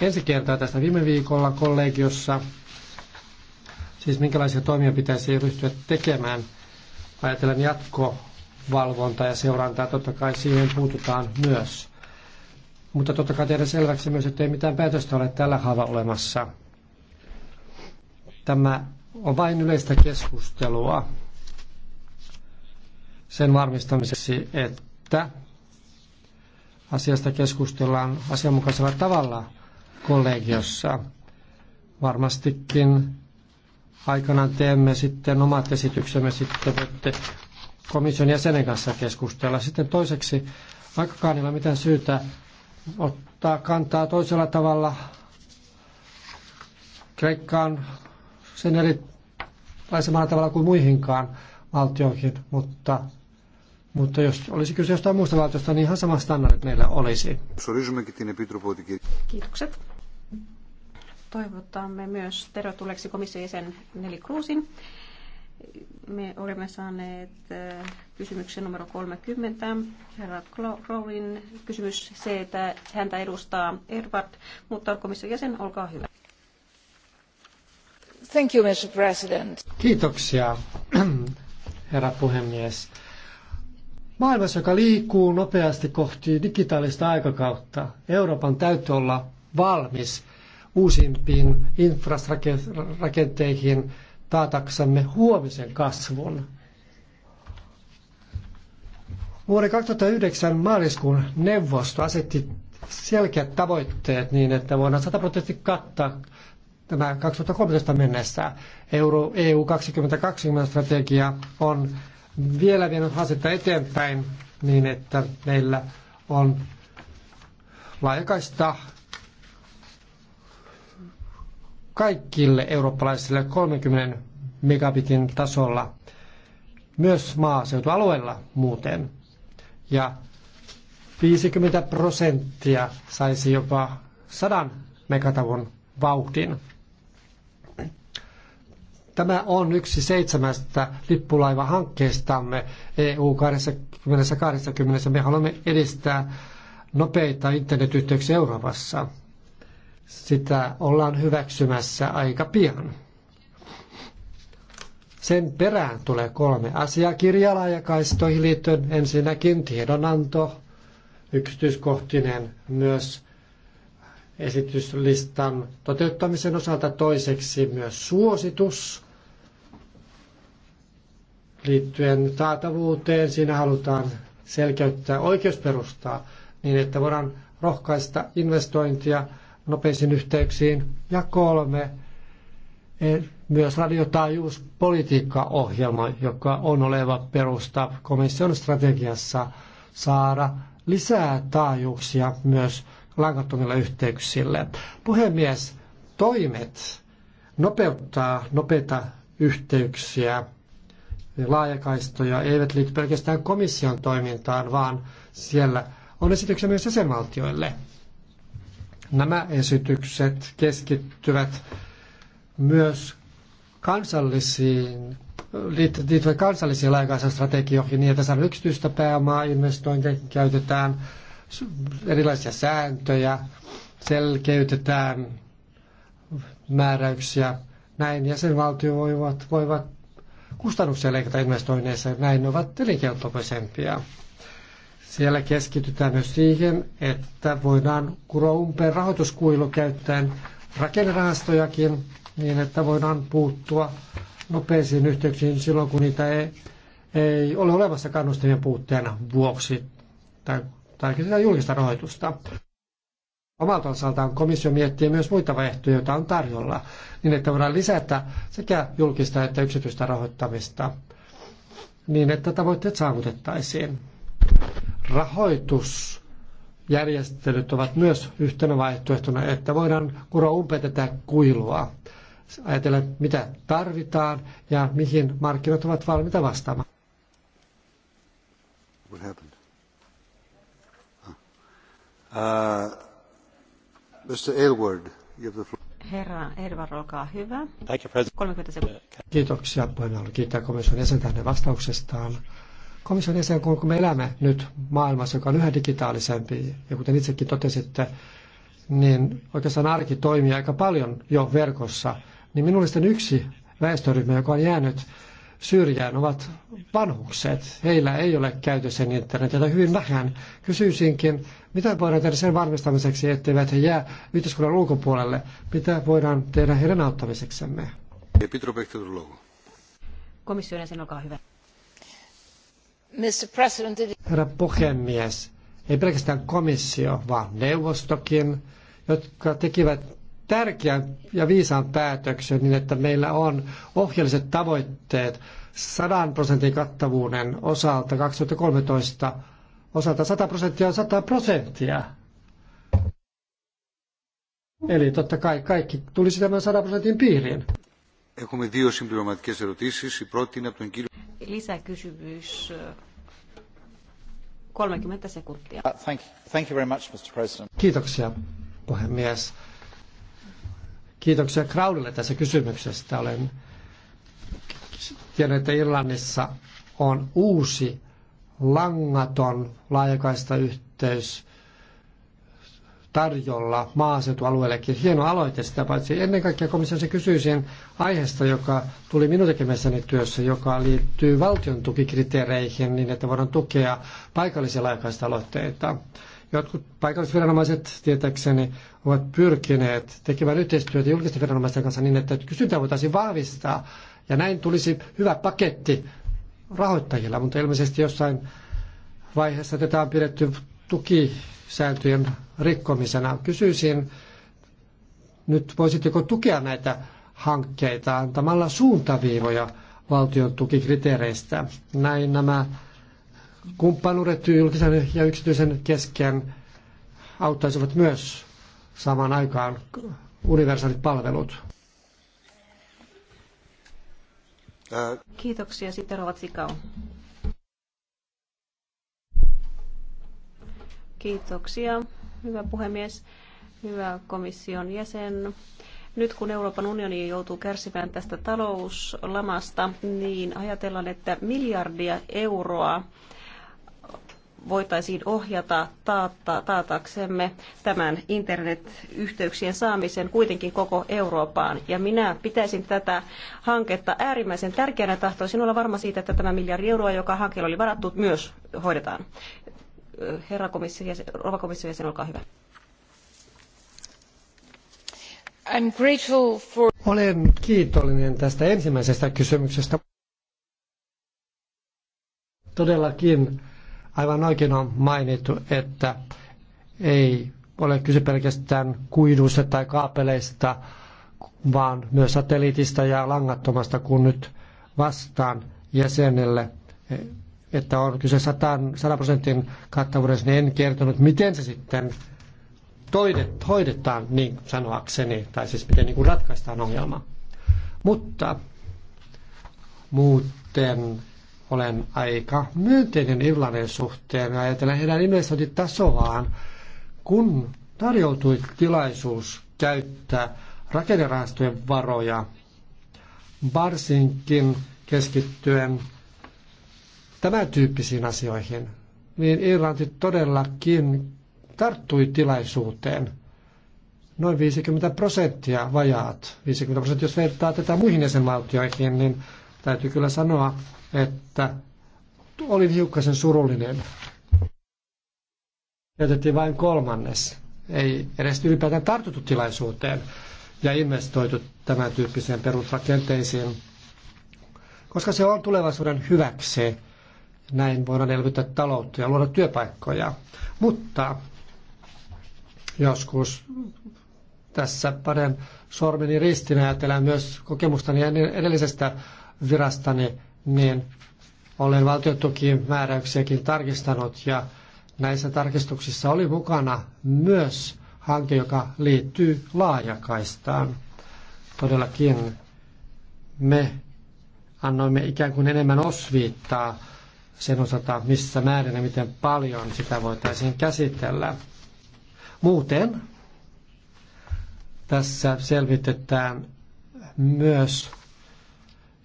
ensi kertaa tästä viime viikolla kollegiossa. Siis minkälaisia toimia pitäisi ryhtyä tekemään. Ajatellen jatkovalvontaa ja seurantaa, totta kai siihen puututaan myös. Mutta totta kai tehdä selväksi myös, että ei mitään päätöstä ole tällä haava olemassa. Tämä on vain yleistä keskustelua sen varmistamiseksi, että asiasta keskustellaan asianmukaisella tavalla kollegiossa. Varmastikin aikanaan teemme sitten omat esityksemme, sitten voitte komission jäsenen kanssa keskustella. Sitten toiseksi, vaikka ei mitään syytä ottaa kantaa toisella tavalla Kreikkaan sen eri samalla tavalla kuin muihinkaan valtioihin, mutta, mutta jos olisi kyse jostain muusta valtiosta, niin ihan samat standardit meillä olisi. Kiitokset. Toivotamme myös tervetulleeksi komission jäsen Neli Kruusin. Me olemme saaneet äh, kysymyksen numero 30, herra Crowlin kysymys se, että häntä edustaa Ervart, mutta komission jäsen, olkaa hyvä. Thank you, Mr. President. Kiitoksia, herra puhemies. Maailmassa, joka liikkuu nopeasti kohti digitaalista aikakautta, Euroopan täytyy olla valmis uusimpiin infrastruktuureihin taataksamme huomisen kasvun. Vuoden 2009 maaliskuun neuvosto asetti selkeät tavoitteet niin, että voidaan sataprosenttisesti kattaa tämä 2013 mennessä. Euro, EU 2020 strategia on vielä vienyt asetta eteenpäin niin, että meillä on laajakaista kaikille eurooppalaisille 30 megabitin tasolla, myös maaseutualueella muuten. Ja 50 prosenttia saisi jopa 100 megatavun vauhdin. Tämä on yksi seitsemästä lippulaivahankkeestamme EU 2020. Me haluamme edistää nopeita internetyhteyksiä Euroopassa. Sitä ollaan hyväksymässä aika pian. Sen perään tulee kolme asiaa kirjalaajakaistoihin liittyen. Ensinnäkin tiedonanto, yksityiskohtinen myös esityslistan toteuttamisen osalta toiseksi myös suositus liittyen saatavuuteen. Siinä halutaan selkeyttää oikeusperustaa niin, että voidaan rohkaista investointia nopeisiin yhteyksiin. Ja kolme, e, myös radiotaajuuspolitiikkaohjelma, joka on oleva perusta komission strategiassa saada lisää taajuuksia myös langattomilla yhteyksille. Puhemies, toimet nopeuttaa nopeita yhteyksiä laajakaistoja eivät liity pelkästään komission toimintaan, vaan siellä on esityksiä myös jäsenvaltioille. Nämä esitykset keskittyvät myös kansallisiin, liittyvät kansallisiin laajakaistastrategioihin niin, että saadaan yksityistä pääomaa, investointeja käytetään, erilaisia sääntöjä, selkeytetään määräyksiä. Näin jäsenvaltiot voivat, voivat kustannuksia leikata investoinneissa, näin ne ovat elinkelpoisempia. Siellä keskitytään myös siihen, että voidaan kuroa umpeen rahoituskuilu käyttäen rakennerahastojakin niin, että voidaan puuttua nopeisiin yhteyksiin silloin, kun niitä ei, ei ole olemassa kannustajien puutteen vuoksi tai, tai julkista rahoitusta. Omalta osaltaan komissio miettii myös muita vaihtoehtoja, joita on tarjolla, niin että voidaan lisätä sekä julkista että yksityistä rahoittamista, niin että tavoitteet saavutettaisiin. Rahoitusjärjestelyt ovat myös yhtenä vaihtoehtona, että voidaan kuroa umpeen tätä kuilua, ajatella mitä tarvitaan ja mihin markkinat ovat valmiita vastaamaan. What happened? Ah. Uh, Herra hyvä. Kiitoksia puheenjohtaja. Kiitän komission jäsentä hänen vastauksestaan. Komission jäsen, kun me elämme nyt maailmassa, joka on yhä digitaalisempi, ja kuten itsekin totesitte, niin oikeastaan arki toimii aika paljon jo verkossa, niin minulle sitten yksi väestöryhmä, joka on jäänyt syrjään ovat vanhukset. Heillä ei ole käytössä internetiä tai hyvin vähän. Kysyisinkin, mitä voidaan tehdä sen varmistamiseksi, etteivät he jää yhteiskunnan ulkopuolelle? Mitä voidaan tehdä heidän auttamiseksemme? Komission jäsen, olkaa hyvä. Mr. President, Herra puhemies, ei pelkästään komissio, vaan neuvostokin, jotka tekivät tärkeän ja viisaan päätöksen niin, että meillä on ohjeelliset tavoitteet 100 prosentin kattavuuden osalta 2013 osalta 100 prosenttia on 100 prosenttia. Eli totta kai kaikki tulisi tämän 100 prosentin piiriin. Lisäkysymys 30 sekuntia. Uh, thank, you very much, Mr. President. Kiitoksia, puhemies. Kiitoksia Kraudille tässä kysymyksestä. Olen tiennyt, että Irlannissa on uusi langaton laajakaista yhteys tarjolla maaseutualueellekin. Hieno aloite sitä, paitsi ennen kaikkea komissiossa kysyisin aiheesta, joka tuli minun tekemässäni työssä, joka liittyy valtion tukikriteereihin niin, että voidaan tukea paikallisia laajakaista aloitteita. Jotkut paikallisviranomaiset tietääkseni ovat pyrkineet tekemään yhteistyötä julkisten viranomaisten kanssa niin, että kysyntää voitaisiin vahvistaa. Ja näin tulisi hyvä paketti rahoittajilla, mutta ilmeisesti jossain vaiheessa tätä on pidetty tukisääntöjen rikkomisena. Kysyisin, nyt voisitteko tukea näitä hankkeita antamalla suuntaviivoja valtion tukikriteereistä. Näin nämä kumppanuudet julkisen ja yksityisen kesken auttaisivat myös samaan aikaan universaalit palvelut. Kiitoksia. Sitten Rovat Sikau. Kiitoksia, hyvä puhemies, hyvä komission jäsen. Nyt kun Euroopan unioni joutuu kärsimään tästä talouslamasta, niin ajatellaan, että miljardia euroa voitaisiin ohjata taata, taataksemme tämän internetyhteyksien saamisen kuitenkin koko Eurooppaan. Ja minä pitäisin tätä hanketta äärimmäisen tärkeänä. Tahtoisin olla varma siitä, että tämä miljardi euroa, joka hankkeelle oli varattu, myös hoidetaan. Herra komissio, rouva komissio jäsen, olkaa hyvä. I'm grateful for... Olen kiitollinen tästä ensimmäisestä kysymyksestä. Todellakin Aivan oikein on mainittu, että ei ole kyse pelkästään kuiduista tai kaapeleista, vaan myös satelliitista ja langattomasta, kun nyt vastaan jäsenelle, että on kyse 100 prosentin kattavuudessa, niin en kertonut, miten se sitten toidet, hoidetaan, niin sanoakseni, tai siis miten niin ratkaistaan ongelma. Mutta muuten olen aika myönteinen Irlannin suhteen. Ajatellaan heidän investointitasoaan, kun tarjoutui tilaisuus käyttää rakennerahastojen varoja, varsinkin keskittyen tämän tyyppisiin asioihin, niin Irlanti todellakin tarttui tilaisuuteen. Noin 50 prosenttia vajaat, 50 prosenttia, jos vertaa tätä muihin jäsenvaltioihin, niin täytyy kyllä sanoa, että olin hiukkasen surullinen. Jätettiin vain kolmannes. Ei edes ylipäätään tartuttu tilaisuuteen ja investoitu tämän tyyppiseen perusrakenteisiin, koska se on tulevaisuuden hyväksi. Näin voidaan elvyttää taloutta ja luoda työpaikkoja. Mutta joskus tässä panen sormeni ristin ajatellen myös kokemustani edellisestä virastani niin olen valtiotukien määräyksiäkin tarkistanut ja näissä tarkistuksissa oli mukana myös hanke, joka liittyy laajakaistaan. Todellakin me annoimme ikään kuin enemmän osviittaa sen osalta, missä määrin ja miten paljon sitä voitaisiin käsitellä. Muuten tässä selvitetään myös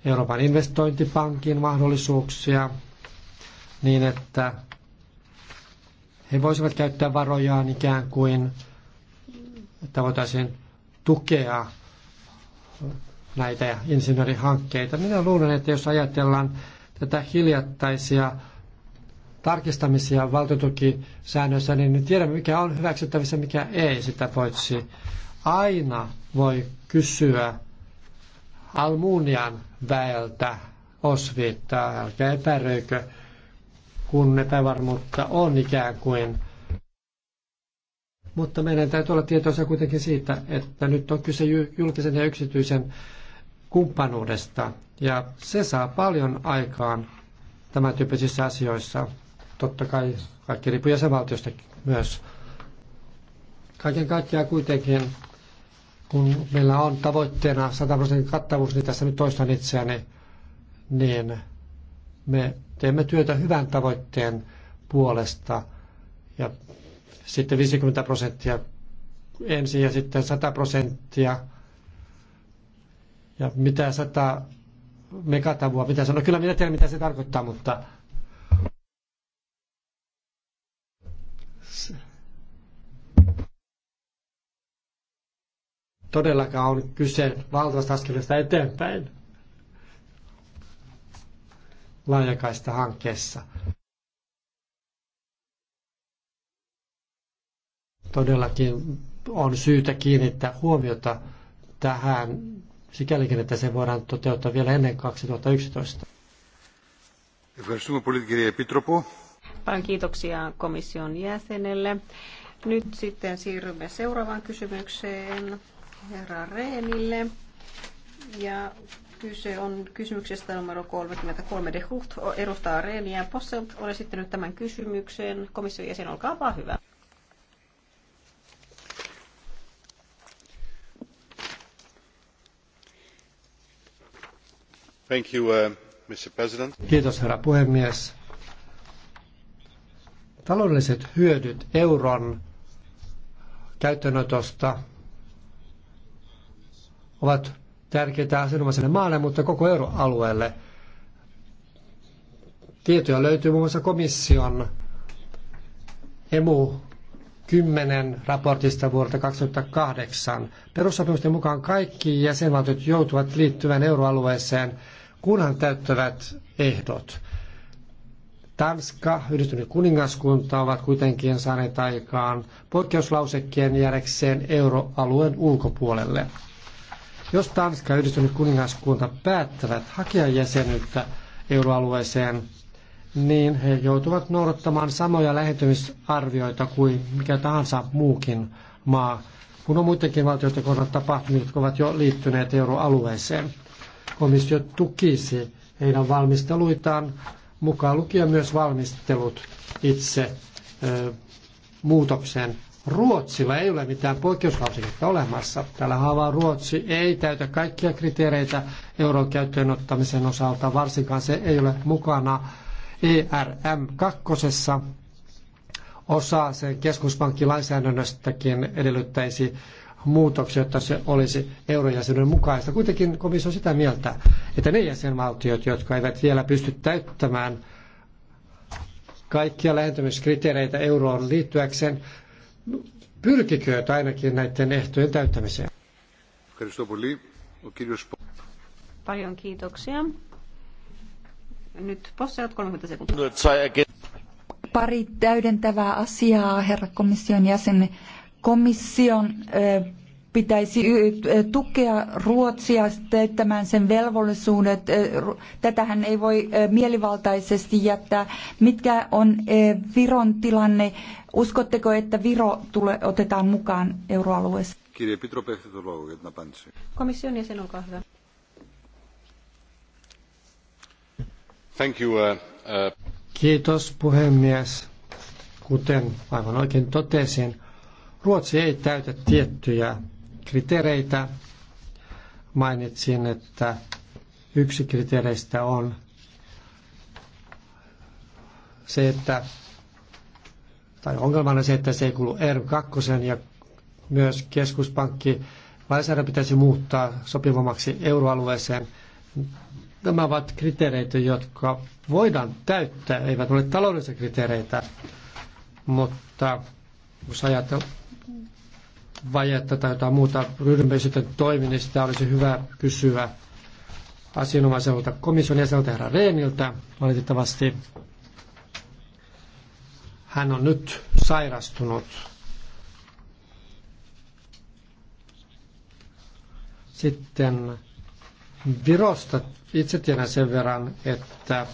Euroopan investointipankin mahdollisuuksia niin, että he voisivat käyttää varojaan ikään kuin, että voitaisiin tukea näitä insinöörihankkeita. Minä luulen, että jos ajatellaan tätä hiljattaisia tarkistamisia valtiotukisäännöissä, niin tiedämme, mikä on hyväksyttävissä, mikä ei sitä voisi. Aina voi kysyä Almunian väeltä osviittaa, älkää epäröikö, kun epävarmuutta on ikään kuin. Mutta meidän täytyy olla tietoisia kuitenkin siitä, että nyt on kyse julkisen ja yksityisen kumppanuudesta. Ja se saa paljon aikaan tämän tyyppisissä asioissa. Totta kai kaikki riippuu jäsenvaltiosta myös. Kaiken kaikkiaan kuitenkin kun meillä on tavoitteena 100 prosentin kattavuus, niin tässä nyt toistan itseäni, niin me teemme työtä hyvän tavoitteen puolesta ja sitten 50 prosenttia ensin ja sitten 100 prosenttia ja mitä 100 megatavua, mitä sanoa. Kyllä minä tiedän, mitä se tarkoittaa, mutta todellakaan on kyse valtavasta askelista eteenpäin laajakaista hankkeessa. Todellakin on syytä kiinnittää huomiota tähän sikälikin, että se voidaan toteuttaa vielä ennen 2011. Paljon kiitoksia komission jäsenelle. Nyt sitten siirrymme seuraavaan kysymykseen herra Reenille. Ja kyse on kysymyksestä numero 33 de Hucht edustaa Reeniä. Posselt on esittänyt tämän kysymyksen. Komission jäsen, olkaa vaan hyvä. Thank you, uh, Mr. President. Kiitos herra puhemies. Taloudelliset hyödyt euron käyttöönotosta ovat tärkeitä asianomaiselle maalle, mutta koko euroalueelle. Tietoja löytyy muun muassa komission EMU 10 raportista vuodelta 2008. Perussopimusten mukaan kaikki jäsenvaltiot joutuvat liittyvän euroalueeseen, kunhan täyttävät ehdot. Tanska, yhdistynyt kuningaskunta ovat kuitenkin saaneet aikaan poikkeuslausekkeen jäädäkseen euroalueen ulkopuolelle. Jos Tanska ja yhdistynyt kuningaskunta päättävät hakea jäsenyyttä euroalueeseen, niin he joutuvat noudattamaan samoja lähentymisarvioita kuin mikä tahansa muukin maa, kun on muidenkin valtioiden kohdalla tapahtumia, jotka ovat jo liittyneet euroalueeseen. Komissio tukisi heidän valmisteluitaan, mukaan lukien myös valmistelut itse ö, muutoksen Ruotsilla ei ole mitään poikkeuslauseketta olemassa. Tällä haavaa Ruotsi ei täytä kaikkia kriteereitä euron käyttöön ottamisen osalta, varsinkaan se ei ole mukana ERM 2. Osa sen keskuspankkilainsäädännöstäkin edellyttäisi muutoksia, jotta se olisi eurojäsenyyden mukaista. Kuitenkin komissio on sitä mieltä, että ne jäsenvaltiot, jotka eivät vielä pysty täyttämään kaikkia lähentymiskriteereitä euroon liittyäkseen, pyrkikööt ainakin näiden ehtojen täyttämiseen. Paljon kiitoksia. Nyt posseat 30 sekuntia. Pari täydentävää asiaa, herra komission jäsen. Komission pitäisi tukea Ruotsia täyttämään sen velvollisuudet. Tätähän ei voi mielivaltaisesti jättää. Mitkä on Viron tilanne? Uskotteko, että Viro tule, otetaan mukaan euroalueessa? Komission jäsen, olkaa hyvä. Thank you, uh, uh... Kiitos puhemies. Kuten aivan oikein totesin, Ruotsi ei täytä tiettyjä kriteereitä. Mainitsin, että yksi kriteereistä on se, että tai ongelmana se, että se ei kuulu ERM2 ja myös keskuspankki lainsäädäntö pitäisi muuttaa sopivammaksi euroalueeseen. Nämä ovat kriteereitä, jotka voidaan täyttää, eivät ole taloudellisia kriteereitä, mutta jos ajatellaan vajetta tai jotain muuta ryhdymme toimi, niin sitä olisi hyvä kysyä asianomaiselta komission jäseneltä herra Reeniltä. Valitettavasti hän on nyt sairastunut. Sitten Virosta itse tiedän sen verran, että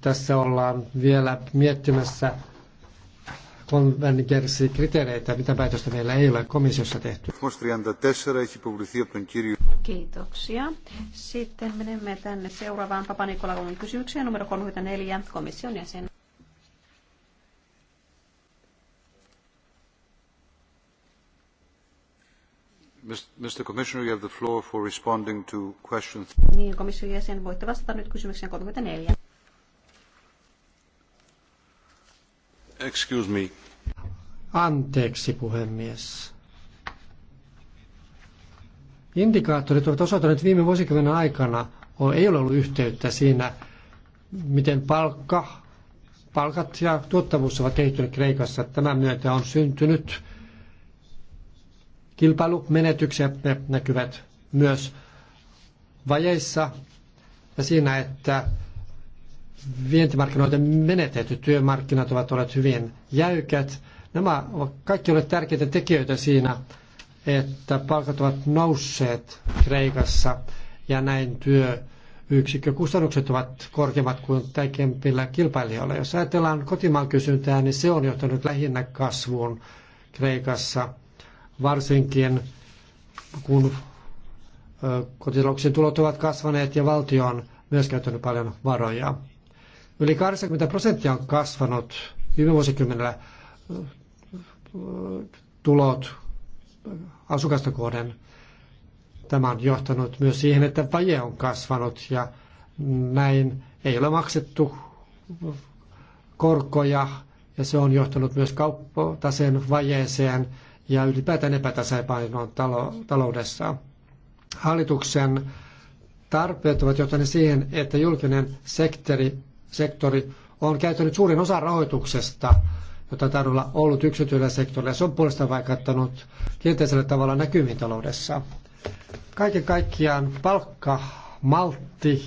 tässä ollaan vielä miettimässä konvergenssi kriteereitä, mitä päätöstä meillä ei ole komissiossa tehty. Kiitoksia. Sitten menemme tänne seuraavaan Papanikolaulun kysymykseen numero 34 komission jäsen. Mr. Commissioner, you have the floor for responding to questions. Niin, komission jäsen, voitte vastata nyt kysymykseen 34. Excuse me. Anteeksi, puhemies. Indikaattorit ovat osoittaneet viime vuosikymmenen aikana, ei ole ollut yhteyttä siinä, miten palkka, palkat ja tuottavuus ovat kehittyneet Kreikassa. Tämän myötä on syntynyt kilpailumenetyksiä, ne näkyvät myös vajeissa ja siinä, että vientimarkkinoita menetetty. Työmarkkinat ovat olleet hyvin jäykät. Nämä ovat kaikki olleet tärkeitä tekijöitä siinä, että palkat ovat nousseet Kreikassa ja näin työyksikkökustannukset ovat korkeammat kuin täikempillä kilpailijoilla. Jos ajatellaan kotimaan kysyntää, niin se on johtanut lähinnä kasvuun Kreikassa, varsinkin kun kotitalouksien tulot ovat kasvaneet ja valtio on myös käyttänyt paljon varoja. Yli 80 prosenttia on kasvanut viime vuosikymmenellä äh, tulot asukasta kohden. Tämä on johtanut myös siihen, että vaje on kasvanut ja näin ei ole maksettu korkoja ja se on johtanut myös kauppataseen vajeeseen ja ylipäätään epätasapainoon taloudessa. Hallituksen tarpeet ovat johtaneet siihen, että julkinen sektori sektori on käyttänyt suurin osa rahoituksesta, jota tarjolla ollut yksityisellä sektorilla. Se on puolestaan vaikuttanut kielteisellä tavalla näkymiin taloudessa. Kaiken kaikkiaan palkka, maltti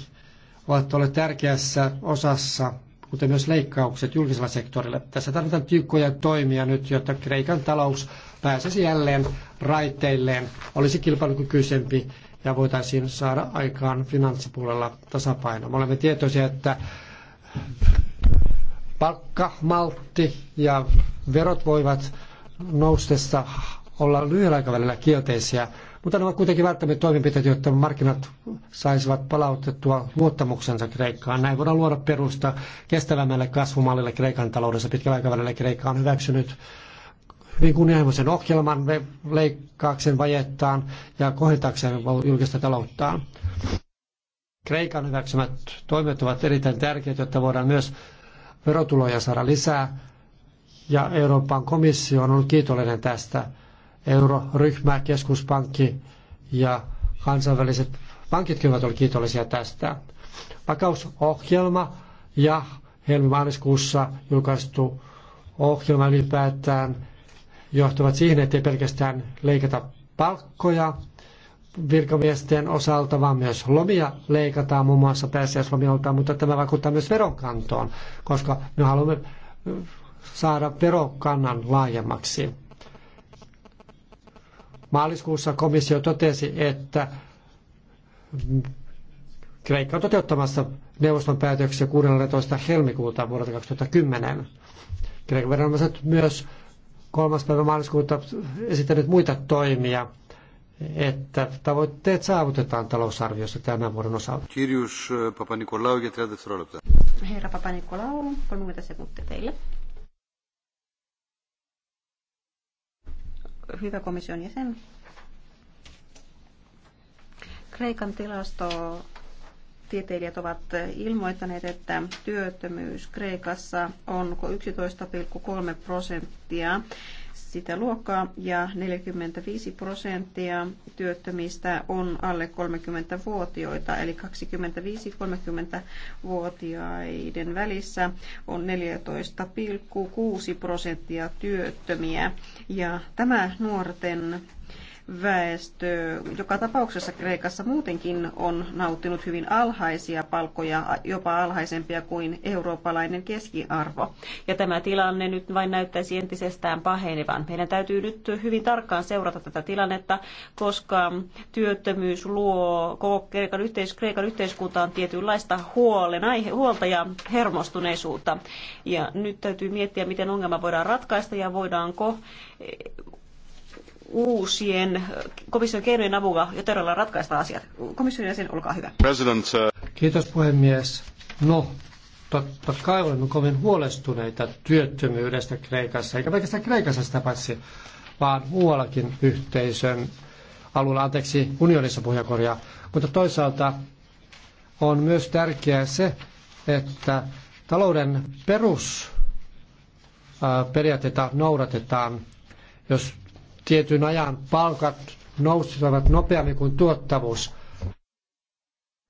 ovat olleet tärkeässä osassa, kuten myös leikkaukset julkisella sektorilla. Tässä tarvitaan tiukkoja toimia nyt, jotta Kreikan talous pääsisi jälleen raiteilleen, olisi kilpailukykyisempi ja voitaisiin saada aikaan finanssipuolella tasapaino. Me olemme tietoisia, että palkkamaltti ja verot voivat noustessa olla lyhyellä aikavälillä kielteisiä, mutta ne ovat kuitenkin välttämättä toimenpiteitä, jotta markkinat saisivat palautettua luottamuksensa Kreikkaan. Näin voidaan luoda perusta kestävämmälle kasvumallille Kreikan taloudessa. Pitkällä aikavälillä Kreikka on hyväksynyt hyvin kunnianhimoisen ohjelman leikkaakseen vajettaan ja kohentaakseen julkista talouttaan. Kreikan hyväksymät toimet ovat erittäin tärkeitä, jotta voidaan myös verotuloja saada lisää. Ja Euroopan komissio on ollut kiitollinen tästä. Euroryhmä, keskuspankki ja kansainväliset pankitkin ovat olleet kiitollisia tästä. Vakausohjelma ja helmi-maaliskuussa julkaistu ohjelma ylipäätään johtavat siihen, ettei pelkästään leikata palkkoja, virkamiesten osalta, vaan myös lomia leikataan muun muassa pääsiäislomiolta, mutta tämä vaikuttaa myös veronkantoon, koska me haluamme saada verokannan laajemmaksi. Maaliskuussa komissio totesi, että Kreikka on toteuttamassa neuvoston päätöksiä 16. helmikuuta vuodelta 2010. Kreikan viranomaiset myös 3. päivä maaliskuuta esittäneet muita toimia, että tavoitteet saavutetaan talousarviossa tämän vuoden osalta. Kirjus eh, Papa Nikolaou, ja 30 Herra Papa Nikolaou, 30 sekuntia teille. Hyvä komission jäsen. Kreikan tilasto Tieteilijät ovat ilmoittaneet, että työttömyys Kreikassa on 11,3 prosenttia sitä luokkaa ja 45 prosenttia työttömistä on alle 30-vuotiaita, eli 25-30-vuotiaiden välissä on 14,6 prosenttia työttömiä. Ja tämä nuorten väestö joka tapauksessa Kreikassa muutenkin on nauttinut hyvin alhaisia palkkoja, jopa alhaisempia kuin eurooppalainen keskiarvo. Ja tämä tilanne nyt vain näyttäisi entisestään pahenevan. Meidän täytyy nyt hyvin tarkkaan seurata tätä tilannetta, koska työttömyys luo koko Kreikan, yhteis- Kreikan yhteiskuntaan tietynlaista aihe, huolta ja hermostuneisuutta. Ja nyt täytyy miettiä, miten ongelma voidaan ratkaista ja voidaanko uusien komission keinojen avulla jo todella ratkaista asiat. Komission jäsen, olkaa hyvä. President, uh, Kiitos puhemies. No, totta kai olemme kovin huolestuneita työttömyydestä Kreikassa, eikä pelkästään Kreikassa sitä paitsi, vaan muuallakin yhteisön alueella, anteeksi, unionissa puhujakorjaa. Mutta toisaalta on myös tärkeää se, että talouden perusperiaatteita äh, noudatetaan, jos tietyn ajan palkat nousivat nopeammin kuin tuottavuus.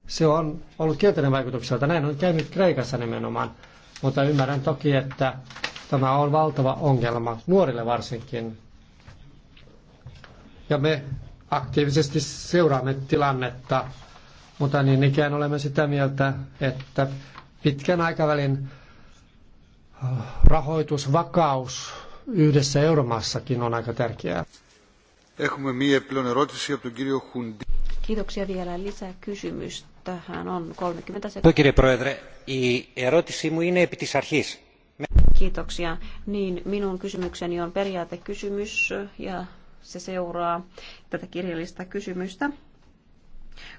Se on ollut kielteinen vaikutukselta. Näin on käynyt Kreikassa nimenomaan, mutta ymmärrän toki, että tämä on valtava ongelma, nuorille varsinkin. Ja me aktiivisesti seuraamme tilannetta, mutta niin ikään olemme sitä mieltä, että pitkän aikavälin äh, rahoitusvakaus yhdessä euromaassakin on aika tärkeää. Kiitoksia vielä lisää kysymys. Tähän on 30 sekuntia. Kiitoksia. Niin, minun kysymykseni on periaatekysymys ja se seuraa tätä kirjallista kysymystä.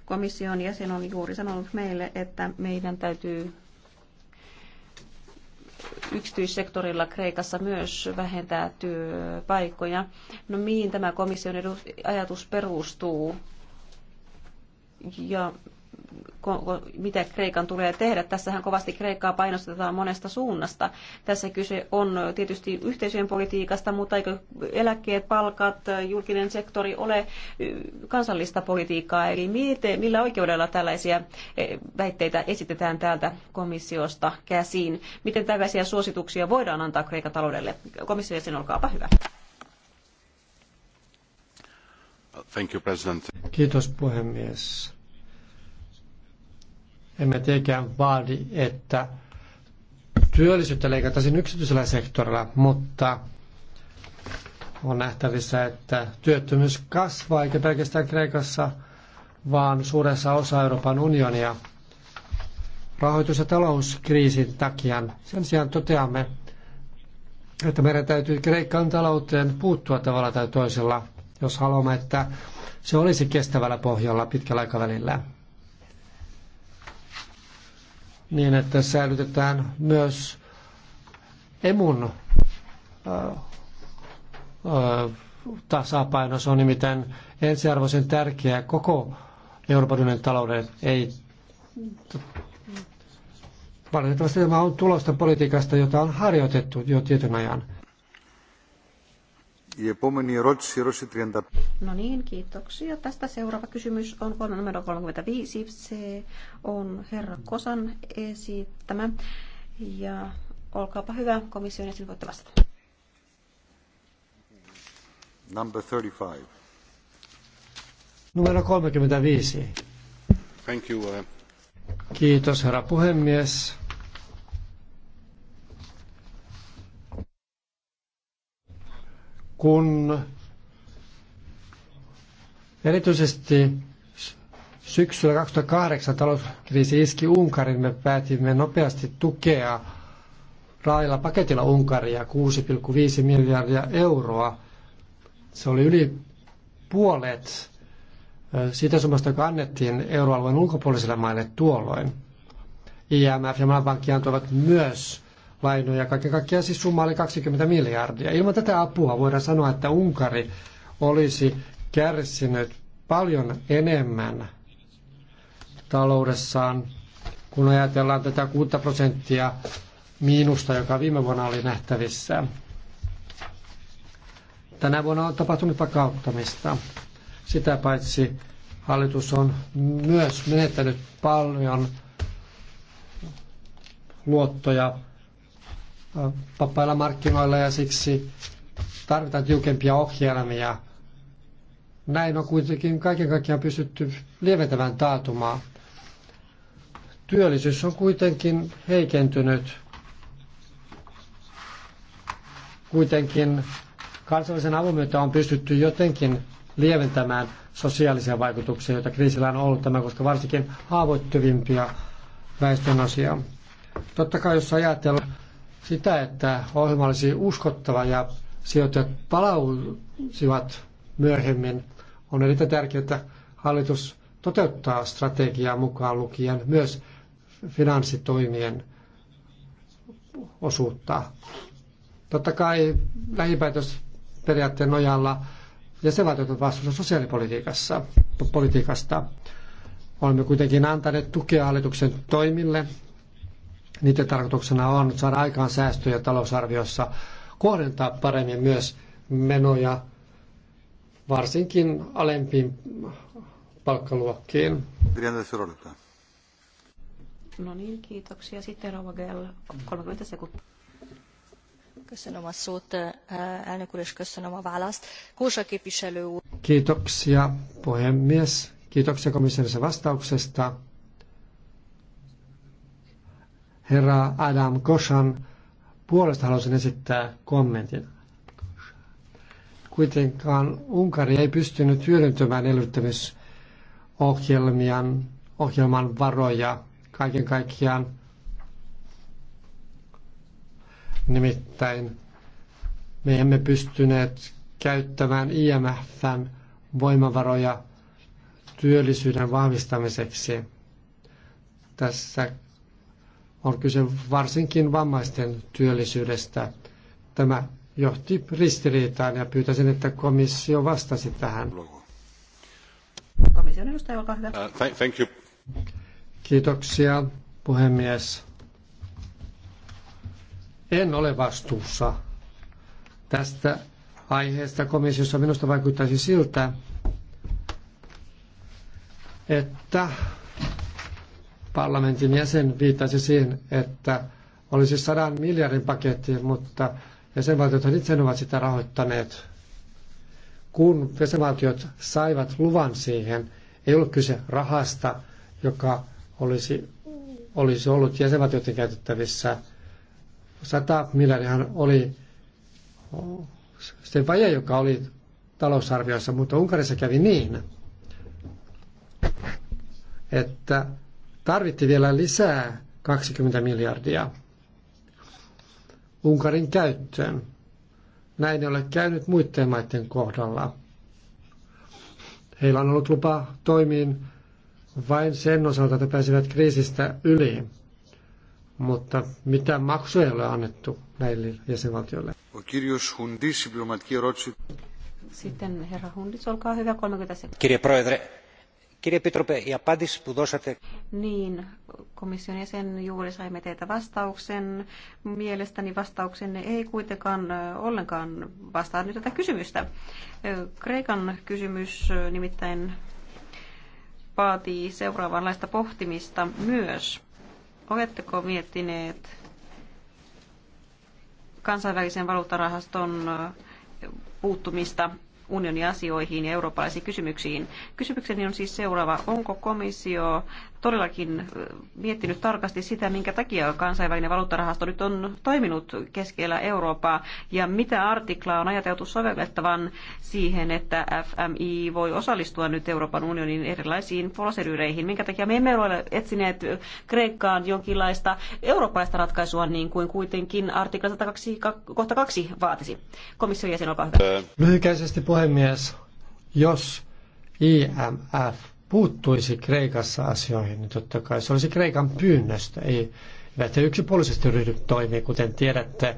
Komission jäsen on juuri sanonut meille, että meidän täytyy yksityissektorilla Kreikassa myös vähentää työpaikkoja. No mihin tämä komission ajatus perustuu? Ja mitä Kreikan tulee tehdä. Tässähän kovasti Kreikkaa painostetaan monesta suunnasta. Tässä kyse on tietysti yhteisöjen politiikasta, mutta eikö eläkkeet, palkat, julkinen sektori ole kansallista politiikkaa? Eli miten, millä oikeudella tällaisia eh, väitteitä esitetään täältä komissiosta käsiin? Miten tällaisia suosituksia voidaan antaa Kreikan taloudelle? Komissio jäsen, olkaapa hyvä. Thank you, President. Kiitos puhemies. Emme tietenkään vaadi, että työllisyyttä leikataan yksityisellä sektorilla, mutta on nähtävissä, että työttömyys kasvaa, eikä pelkästään Kreikassa, vaan suuressa osa Euroopan unionia rahoitus- ja talouskriisin takia. Sen sijaan toteamme, että meidän täytyy Kreikan talouteen puuttua tavalla tai toisella, jos haluamme, että se olisi kestävällä pohjalla pitkällä aikavälillä niin, että säilytetään myös emun tasapaino. Se on nimittäin ensiarvoisen tärkeää koko Euroopan unionin talouden. Ei, valitettavasti tämä on tulosta politiikasta, jota on harjoitettu jo tietyn ajan. No niin, kiitoksia. Tästä seuraava kysymys on numero 35. Se on herra Kosan esittämä. Ja olkaapa hyvä, komission jäsen voitte vastata. Number 35. Numero 35. Thank you. Uh, Kiitos herra puhemies. kun erityisesti syksyllä 2008 talouskriisi iski Unkarin, me päätimme nopeasti tukea railla paketilla Unkaria 6,5 miljardia euroa. Se oli yli puolet siitä summasta, joka annettiin euroalueen ulkopuolisille maille tuolloin. IMF ja Maailmanpankki antoivat myös lainoja. Kaiken kaikkiaan siis summa oli 20 miljardia. Ilman tätä apua voidaan sanoa, että Unkari olisi kärsinyt paljon enemmän taloudessaan, kun ajatellaan tätä 6 prosenttia miinusta, joka viime vuonna oli nähtävissä. Tänä vuonna on tapahtunut vakauttamista. Sitä paitsi hallitus on myös menettänyt paljon luottoja vapailla markkinoilla ja siksi tarvitaan tiukempia ohjelmia. Näin on kuitenkin kaiken kaikkiaan pystytty lieventämään taatumaa. Työllisyys on kuitenkin heikentynyt. Kuitenkin kansallisen avun on pystytty jotenkin lieventämään sosiaalisia vaikutuksia, joita kriisillä on ollut tämä, koska varsinkin haavoittuvimpia väestönosia. Totta kai jos ajatellaan sitä, että ohjelma olisi uskottava ja sijoittajat palausivat myöhemmin. On erittäin tärkeää, että hallitus toteuttaa strategiaa mukaan lukien myös finanssitoimien osuutta. Totta kai lähipäätösperiaatteen nojalla jäsenvaltiot ovat vastuussa sosiaalipolitiikassa. Politiikasta. Olemme kuitenkin antaneet tukea hallituksen toimille niiden tarkoituksena on saada aikaan säästöjä talousarviossa, kohdentaa paremmin myös menoja varsinkin alempiin palkkaluokkiin. No niin, kiitoksia. Sitten Rova Gell, 30 sekuntia. Köszönöm a szót, eh, elnök úr, és köszönöm a választ. Kósa képviselő úr. Kiitoksia, puhemies. Kiitoksia komissaarissa vastauksesta herra Adam Koshan puolesta haluaisin esittää kommentin. Kuitenkaan Unkari ei pystynyt hyödyntämään elvyttämisohjelmien ohjelman varoja kaiken kaikkiaan. Nimittäin me emme pystyneet käyttämään IMFn voimavaroja työllisyyden vahvistamiseksi. Tässä on kyse varsinkin vammaisten työllisyydestä. Tämä johti ristiriitaan ja pyytäisin, että komissio vastasi tähän. Komission edustaja, olkaa hyvä. Uh, thank you. Kiitoksia, puhemies. En ole vastuussa tästä aiheesta komissiossa. Minusta vaikuttaisi siltä, että parlamentin jäsen viittasi siihen, että olisi sadan miljardin paketti, mutta jäsenvaltiot itse ovat sitä rahoittaneet. Kun jäsenvaltiot saivat luvan siihen, ei ollut kyse rahasta, joka olisi, olisi ollut jäsenvaltioiden käytettävissä. Sata miljardihan oli se vaje, joka oli talousarviossa, mutta Unkarissa kävi niin, että tarvitti vielä lisää 20 miljardia Unkarin käyttöön. Näin ei ole käynyt muiden maiden kohdalla. Heillä on ollut lupa toimiin vain sen osalta, että pääsivät kriisistä yli. Mutta mitä maksuja ei ole annettu näille jäsenvaltioille? Sitten herra Hundis, olkaa hyvä, 30 sekuntia. Kirje Petrope, ja padis pudosate. Niin, komission jäsen juuri saimme teiltä vastauksen. Mielestäni vastauksenne ei kuitenkaan ollenkaan vastaa nyt tätä kysymystä. Kreikan kysymys nimittäin vaatii seuraavanlaista pohtimista myös. Oletteko miettineet kansainvälisen valuuttarahaston puuttumista unionin asioihin ja eurooppalaisiin kysymyksiin. Kysymykseni on siis seuraava. Onko komissio todellakin miettinyt tarkasti sitä, minkä takia kansainvälinen valuuttarahasto nyt on toiminut keskellä Eurooppaa ja mitä artiklaa on ajateltu sovellettavan siihen, että FMI voi osallistua nyt Euroopan unionin erilaisiin prosedureihin. Minkä takia me emme ole etsineet Kreikkaan jonkinlaista eurooppalaista ratkaisua niin kuin kuitenkin artikla 102, kohta 2 vaatisi. Komission jäsen, olkaa hyvä. Lyhykäisesti puhemies, jos IMF puuttuisi Kreikassa asioihin, niin totta kai se olisi Kreikan pyynnöstä. Ei, välttämättä yksipuolisesti ryhdy toimiin, kuten tiedätte,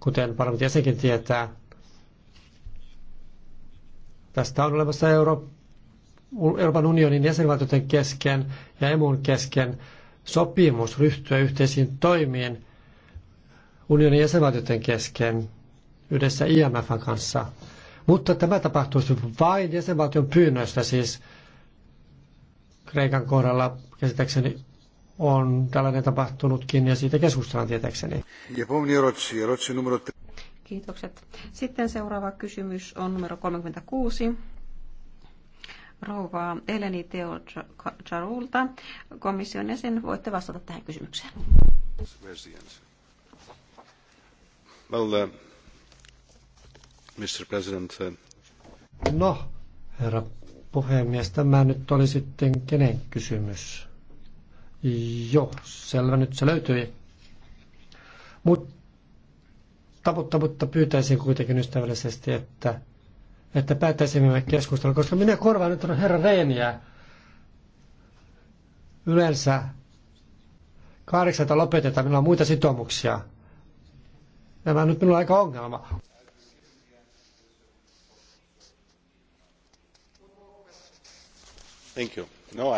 kuten varmasti jäsenkin tietää. Tästä on olemassa Euro, Euroopan unionin jäsenvaltioiden kesken ja emun kesken sopimus ryhtyä yhteisiin toimiin unionin jäsenvaltioiden kesken yhdessä IMFn kanssa. Mutta tämä tapahtuisi vain jäsenvaltion pyynnöstä siis Kreikan kohdalla käsittääkseni on tällainen tapahtunutkin ja siitä keskustellaan tietääkseni. Kiitokset. Sitten seuraava kysymys on numero 36. Rouva Eleni Teo Charulta, komission jäsen, voitte vastata tähän kysymykseen. Well, uh, Mr. President, uh... No, herra puhemies. Tämä nyt oli sitten kenen kysymys? Joo, selvä, nyt se löytyi. Mutta, mutta, mutta pyytäisin kuitenkin ystävällisesti, että, että päättäisimme keskustelua, koska minä korvaan nyt on herra Reeniä. Yleensä kahdeksalta lopetetaan, minulla on muita sitoumuksia. Tämä on nyt minulla aika ongelma. No,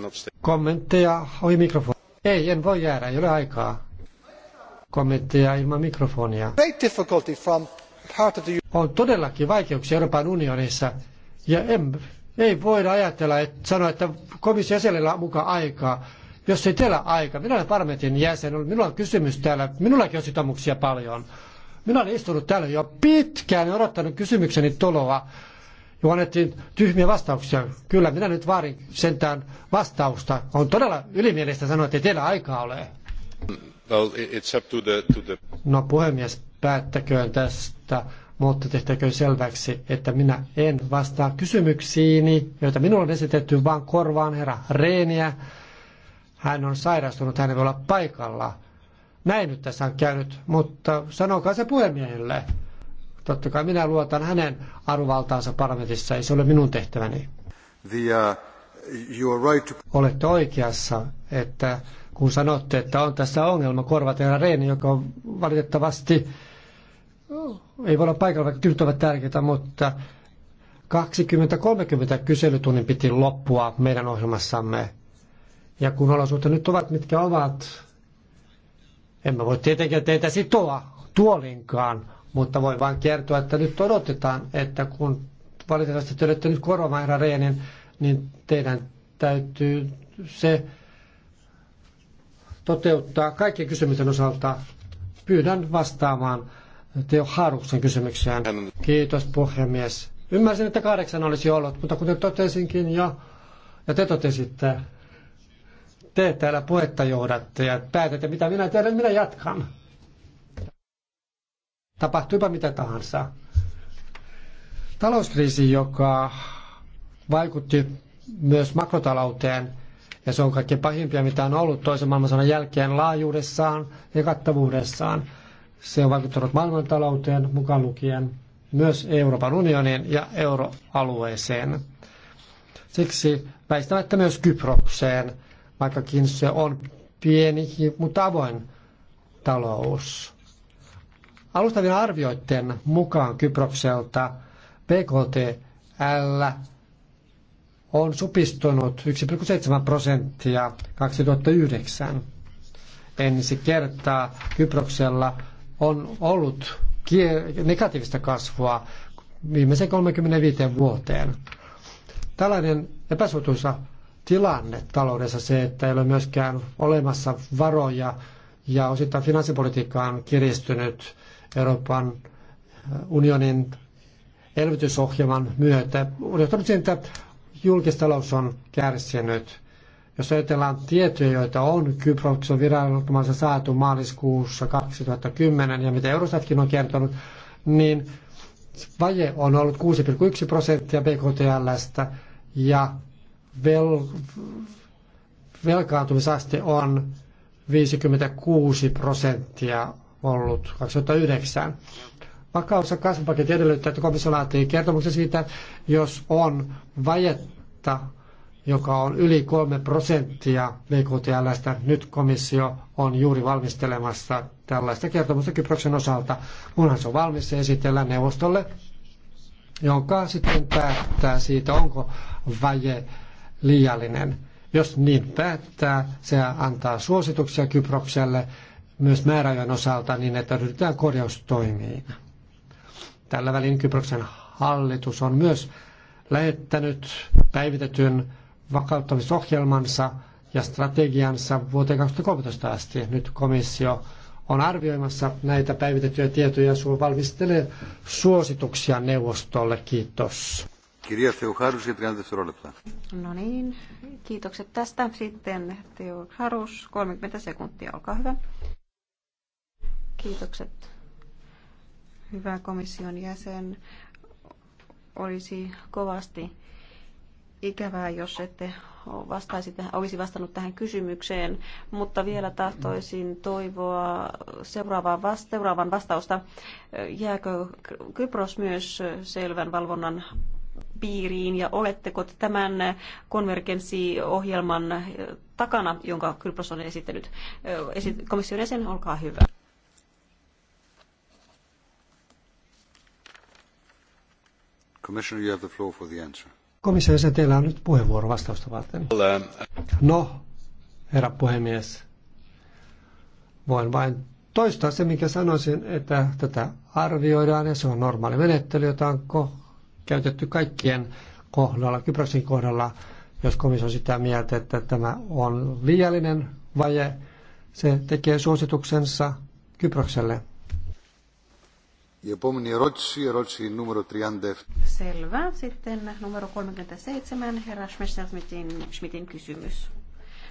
no Kommentteja ohi mikrofoni. Ei, en voi jäädä, ei ole aikaa. Kommentteja ilman mikrofonia. On todellakin vaikeuksia Euroopan unionissa. Ja en, ei voida ajatella, että sanoa, että komission jäsenellä on mukaan aikaa. Jos ei teillä aika, minä olen parlamentin jäsen, minulla on kysymys täällä, minullakin on sitoumuksia paljon. Minä olen istunut täällä jo pitkään ja odottanut kysymykseni tuloa. Joo, annettiin tyhmiä vastauksia, kyllä minä nyt vaarin sentään vastausta. On todella ylimielistä sanoa, että ei teillä aikaa ole. Well, it's up to the, to the... No puhemies, päättäköön tästä, mutta tehtäköön selväksi, että minä en vastaa kysymyksiini, joita minulla on esitetty, vaan korvaan herra Reeniä. Hän on sairastunut, hän ei voi olla paikalla. Näin nyt tässä on käynyt, mutta sanokaa se puhemiehelle. Totta kai minä luotan hänen arvovaltaansa parlamentissa, ei se ole minun tehtäväni. The, uh, right to... Olette oikeassa, että kun sanotte, että on tässä ongelma korvata herra Reini, joka on valitettavasti ei voi olla paikalla, vaikka kyllä ovat tärkeitä, mutta 20-30 kyselytunnin piti loppua meidän ohjelmassamme. Ja kun olosuhteet nyt ovat, mitkä ovat, emme voi tietenkään teitä sitoa tuolinkaan, mutta voi vain kertoa, että nyt odotetaan, että kun valitettavasti te olette nyt korvaamaan Reenin, niin teidän täytyy se toteuttaa kaikkien kysymysten osalta. Pyydän vastaamaan Teo Haaruksen kysymykseen. Kiitos puhemies. Ymmärsin, että kahdeksan olisi ollut, mutta kuten totesinkin jo, ja te totesitte, te täällä puhetta johdatte ja päätätte, mitä minä tehdään, minä jatkan tapahtuipa mitä tahansa. Talouskriisi, joka vaikutti myös makrotalouteen, ja se on kaikkein pahimpia, mitä on ollut toisen maailmansodan jälkeen laajuudessaan ja kattavuudessaan. Se on vaikuttanut maailmantalouteen mukaan lukien myös Euroopan unionin ja euroalueeseen. Siksi väistämättä myös Kyprokseen, vaikkakin se on pieni, mutta avoin talous. Alustavien arvioiden mukaan Kyprokselta BKTL on supistunut 1,7 prosenttia 2009. Ensi kertaa Kyproksella on ollut negatiivista kasvua viimeisen 35 vuoteen. Tällainen epäsuotuisa tilanne taloudessa se, että ei ole myöskään olemassa varoja ja osittain finanssipolitiikka on kiristynyt Euroopan äh, unionin elvytysohjelman myötä Unohtanut sen, että julkistalous on kärsinyt. Jos ajatellaan tietoja, joita on Kyproksen viranomaisen saatu maaliskuussa 2010 ja mitä Eurostatkin on kertonut, niin vaje on ollut 6,1 prosenttia BKTLstä ja vel- velkaantumisaste on 56 prosenttia ollut 2009. Vakaus- ja kasvupaketti edellyttää, että komissio laatii kertomuksen siitä, jos on vajetta, joka on yli 3 prosenttia BKTLstä. Nyt komissio on juuri valmistelemassa tällaista kertomusta Kyproksen osalta. Kunhan se on valmis, se esitellään neuvostolle, jonka sitten päättää siitä, onko vaje liiallinen. Jos niin päättää, se antaa suosituksia Kyprokselle myös määräajan osalta niin, että ryhdytään korjaustoimiin. Tällä välin Kyproksen hallitus on myös lähettänyt päivitetyn vakauttamisohjelmansa ja strategiansa vuoteen 2013 asti. Nyt komissio on arvioimassa näitä päivitettyjä tietoja ja valmistelee suosituksia neuvostolle. Kiitos. Κυρία Θεοχάρους για 30 δευτερόλεπτα. No niin, kiitokset tästä. Sitten Θεοχάρους, 30 sekuntia, olkaa hyvä. Kiitokset. Hyvä komission jäsen. Olisi kovasti ikävää, jos ette vastaisi, olisi vastannut tähän kysymykseen, mutta vielä tahtoisin toivoa seuraavaan vasta, seuraavan vastausta. Jääkö Kypros myös selvän valvonnan piiriin ja oletteko tämän konvergenssiohjelman takana, jonka Kypros on esittänyt? Komission jäsen, olkaa hyvä. Commissioner, you have the floor for the answer. teillä on nyt puheenvuoro vastausta varten. No, herra puhemies, voin vain toistaa se, mikä sanoisin, että tätä arvioidaan ja se on normaali menettely, jota on ko- käytetty kaikkien kohdalla, Kyproksen kohdalla, jos komissio on sitä mieltä, että tämä on liiallinen vaje, se tekee suosituksensa Kyprokselle. Selvä. Sitten numero 37, herra Schmidt-Schmidtin kysymys.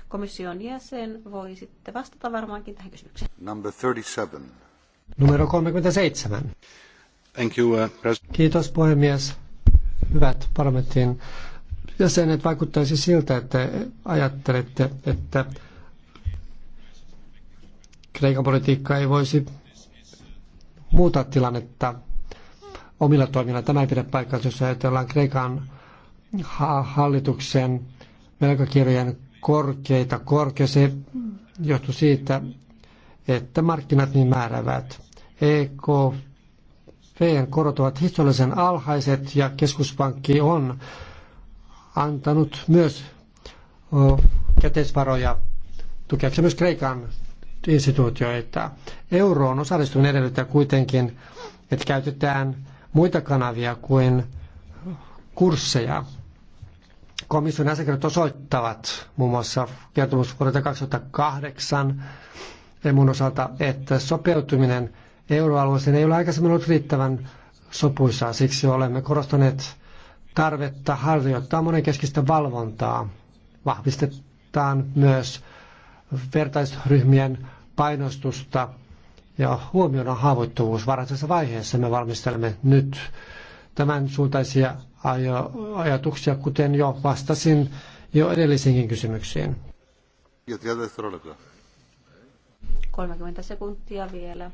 Komission jäsen voi sitten vastata varmaankin tähän kysymykseen. Number 37. Numero 37. Thank you, uh, Kiitos puhemies. Hyvät parlamentin jäsenet, vaikuttaisi siltä, että ajattelette, että Kreikan politiikka ei voisi muuta tilannetta omilla toimilla. Tämä ei pidä paikkaa, jos ajatellaan Kreikan hallituksen velkakirjojen korkeita korkeus. Se johtuu siitä, että markkinat niin määrävät. EKPn korot ovat historiallisen alhaiset ja keskuspankki on antanut myös käteisvaroja tukeakseen myös Kreikan että Euroon osallistuminen edellyttää kuitenkin, että käytetään muita kanavia kuin kursseja. Komission asiakirjat osoittavat muun muassa kertomus vuodelta 2008 emun osalta, että sopeutuminen euroalueeseen ei ole aikaisemmin ollut riittävän sopuisaa. Siksi olemme korostaneet tarvetta harjoittaa monenkeskistä valvontaa. Vahvistetaan myös vertaisryhmien painostusta ja huomiona haavoittuvuus. Varhaisessa vaiheessa me valmistelemme nyt tämän suuntaisia ajatuksia, kuten jo vastasin jo edellisiinkin kysymyksiin. 30 sekuntia vielä.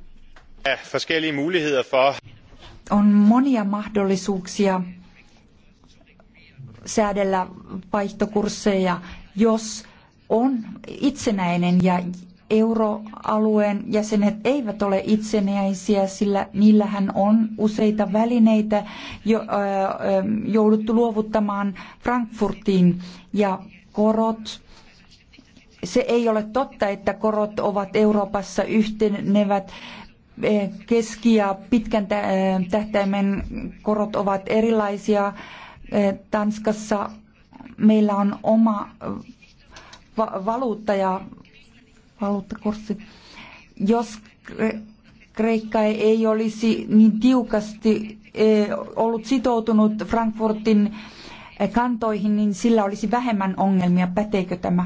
On monia mahdollisuuksia säädellä vaihtokursseja, jos on itsenäinen ja euroalueen jäsenet eivät ole itsenäisiä, sillä niillähän on useita välineitä jo, jouduttu luovuttamaan Frankfurtiin ja korot. Se ei ole totta, että korot ovat Euroopassa yhtenevät keski- ja pitkän tähtäimen korot ovat erilaisia. Tanskassa meillä on oma valuutta ja valuuttakurssi. Jos Kreikka ei olisi niin tiukasti e, ollut sitoutunut Frankfurtin e, kantoihin, niin sillä olisi vähemmän ongelmia. Päteekö tämä?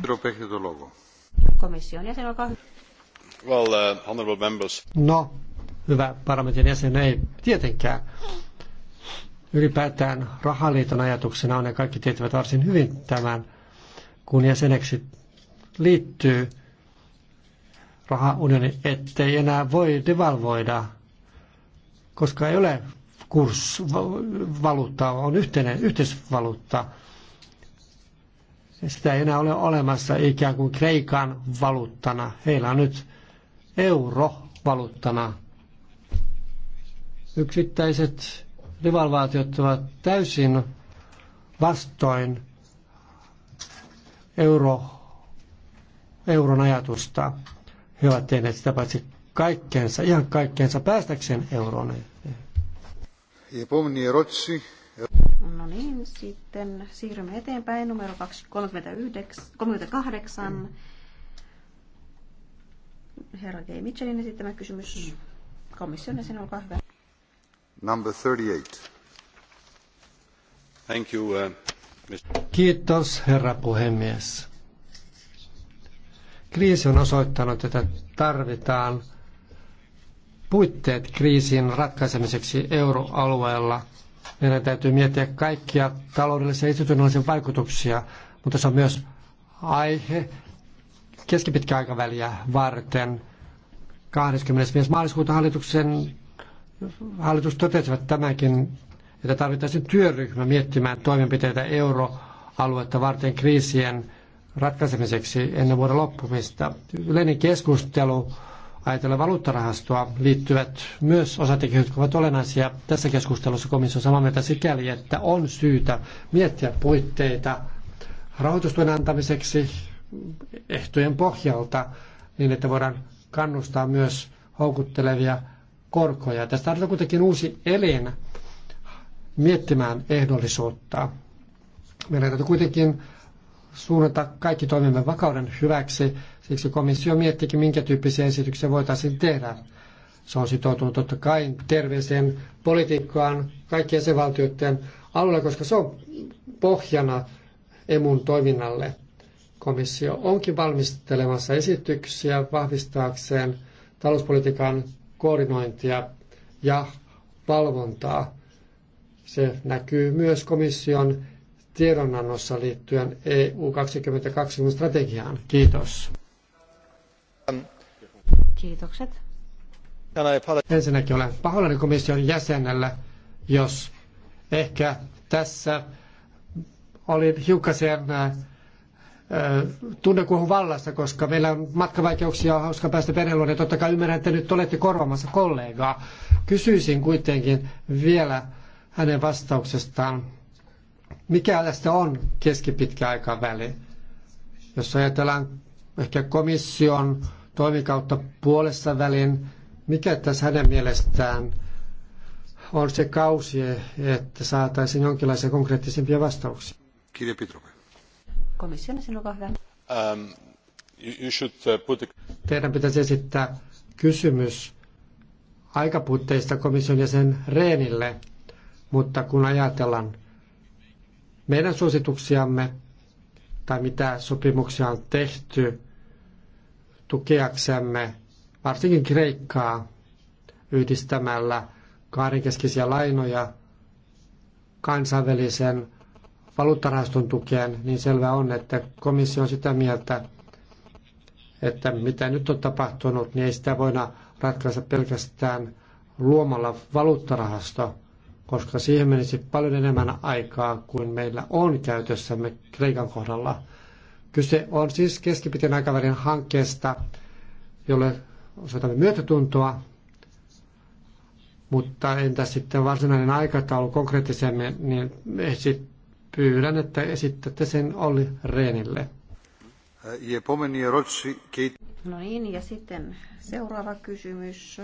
Komission jäsen, olkaa hyvä. Well, uh, honorable members. No, hyvä parlamentin jäsen, ei tietenkään. Ylipäätään rahaliiton ajatuksena on, ja kaikki tietävät varsin hyvin tämän, kun jäseneksi liittyy, rahaunioni, ettei enää voi devalvoida, koska ei ole kurssivaluutta, on yhteinen yhteisvaluutta. Sitä ei enää ole olemassa ikään kuin Kreikan valuuttana. Heillä on nyt eurovaluuttana. Yksittäiset devalvaatiot ovat täysin vastoin euro, euron ajatusta. He ovat tehneet sitä paitsi kaikkeensa, ihan kaikkeensa päästäkseen euroon. No niin, sitten siirrymme eteenpäin numero 39, 38. Herra J. Mitchellin esittämä kysymys. Komission jäsen, olkaa hyvä. Number 38. Thank you, uh, Mr. Kiitos, herra puhemies. Kriisi on osoittanut, että tarvitaan puitteet kriisin ratkaisemiseksi euroalueella. Meidän täytyy miettiä kaikkia taloudellisia ja institutionaalisia vaikutuksia, mutta se on myös aihe keskipitkän aikaväliä varten. 25. maaliskuuta hallituksen, hallitus totesivat tämänkin, että tarvittaisiin työryhmä miettimään toimenpiteitä euroaluetta varten kriisien ratkaisemiseksi ennen vuoden loppumista. Yleinen keskustelu ajatellen valuuttarahastoa liittyvät myös osatekijät, jotka ovat olennaisia tässä keskustelussa komissio samaa mieltä sikäli, että on syytä miettiä puitteita rahoitustuen antamiseksi ehtojen pohjalta niin, että voidaan kannustaa myös houkuttelevia korkoja. Tästä tarvitaan kuitenkin uusi elin miettimään ehdollisuutta. Meidän täytyy kuitenkin suunnata kaikki toimimme vakauden hyväksi. Siksi komissio miettikin, minkä tyyppisiä esityksiä voitaisiin tehdä. Se on sitoutunut totta kai terveeseen politiikkaan kaikkien jäsenvaltioiden alueella, koska se on pohjana emun toiminnalle. Komissio onkin valmistelemassa esityksiä vahvistaakseen talouspolitiikan koordinointia ja valvontaa. Se näkyy myös komission tiedonannossa liittyen EU 2020 strategiaan. Kiitos. Kiitokset. Ensinnäkin olen pahoillani komission jäsenellä, jos ehkä tässä olin hiukkasen äh, äh, tunnekuohun vallassa, koska meillä on matkavaikeuksia ja hauska päästä perheluun, ja totta kai ymmärrän, että nyt olette korvaamassa kollegaa. Kysyisin kuitenkin vielä hänen vastauksestaan mikä tästä on keskipitkä aikaväli? Jos ajatellaan ehkä komission toimikautta puolessa välin, mikä tässä hänen mielestään on se kausi, että saataisiin jonkinlaisia konkreettisempia vastauksia? Kirja Pitrova. Komission sinun hyvä. Um, you should uh, put... Teidän pitäisi esittää kysymys aikapuutteista komission jäsen Reenille, mutta kun ajatellaan meidän suosituksiamme tai mitä sopimuksia on tehty tukeaksemme varsinkin Kreikkaa yhdistämällä kahdenkeskisiä lainoja kansainvälisen valuuttarahaston tukeen, niin selvä on, että komissio on sitä mieltä, että mitä nyt on tapahtunut, niin ei sitä voida ratkaista pelkästään luomalla valuuttarahasto, koska siihen menisi paljon enemmän aikaa kuin meillä on käytössämme Kreikan kohdalla. Kyse on siis keskipitkän aikavälin hankkeesta, jolle osoitamme myötätuntoa, mutta entä sitten varsinainen aikataulu konkreettisemmin, niin esit, pyydän, että esittätte sen Olli Reenille. No niin, ja sitten seuraava kysymys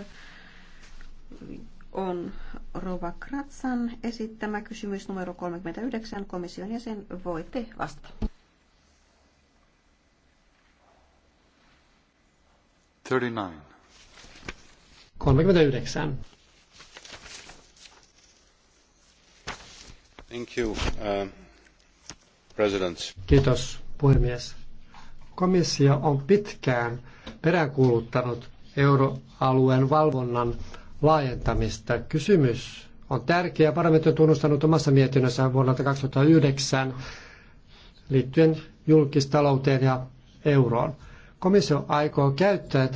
on Rova Kratsan esittämä kysymys numero 39. Komission jäsen, voitte vastata. Thank you, uh, President. Kiitos, puhemies. Komissio on pitkään peräänkuuluttanut euroalueen valvonnan laajentamista. Kysymys on tärkeä. Parlamentti on tunnustanut omassa mietinnössään vuodelta 2009 liittyen julkistalouteen ja euroon. Komissio aikoo käyttää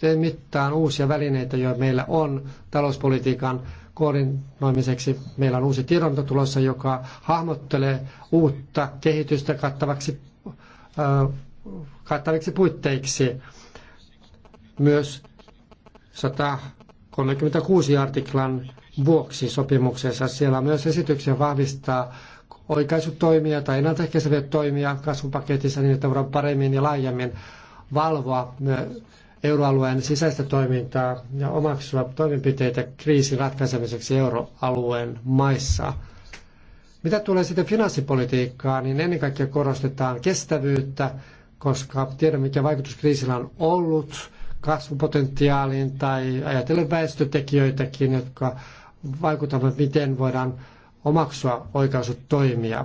tai mittaan uusia välineitä, joita meillä on talouspolitiikan koordinoimiseksi. Meillä on uusi tiedonanto tulossa, joka hahmottelee uutta kehitystä kattavaksi, äh, kattaviksi puitteiksi. Myös 100 36 artiklan vuoksi sopimuksessa. Siellä on myös esityksen vahvistaa oikaisutoimia tai ennaltaehkäiseviä toimia kasvupaketissa niin, että voidaan paremmin ja laajemmin valvoa euroalueen sisäistä toimintaa ja omaksua toimenpiteitä kriisin ratkaisemiseksi euroalueen maissa. Mitä tulee sitten finanssipolitiikkaan, niin ennen kaikkea korostetaan kestävyyttä, koska tiedämme, mikä vaikutus kriisillä on ollut kasvupotentiaaliin tai ajatellen väestötekijöitäkin, jotka vaikuttavat, miten voidaan omaksua toimia.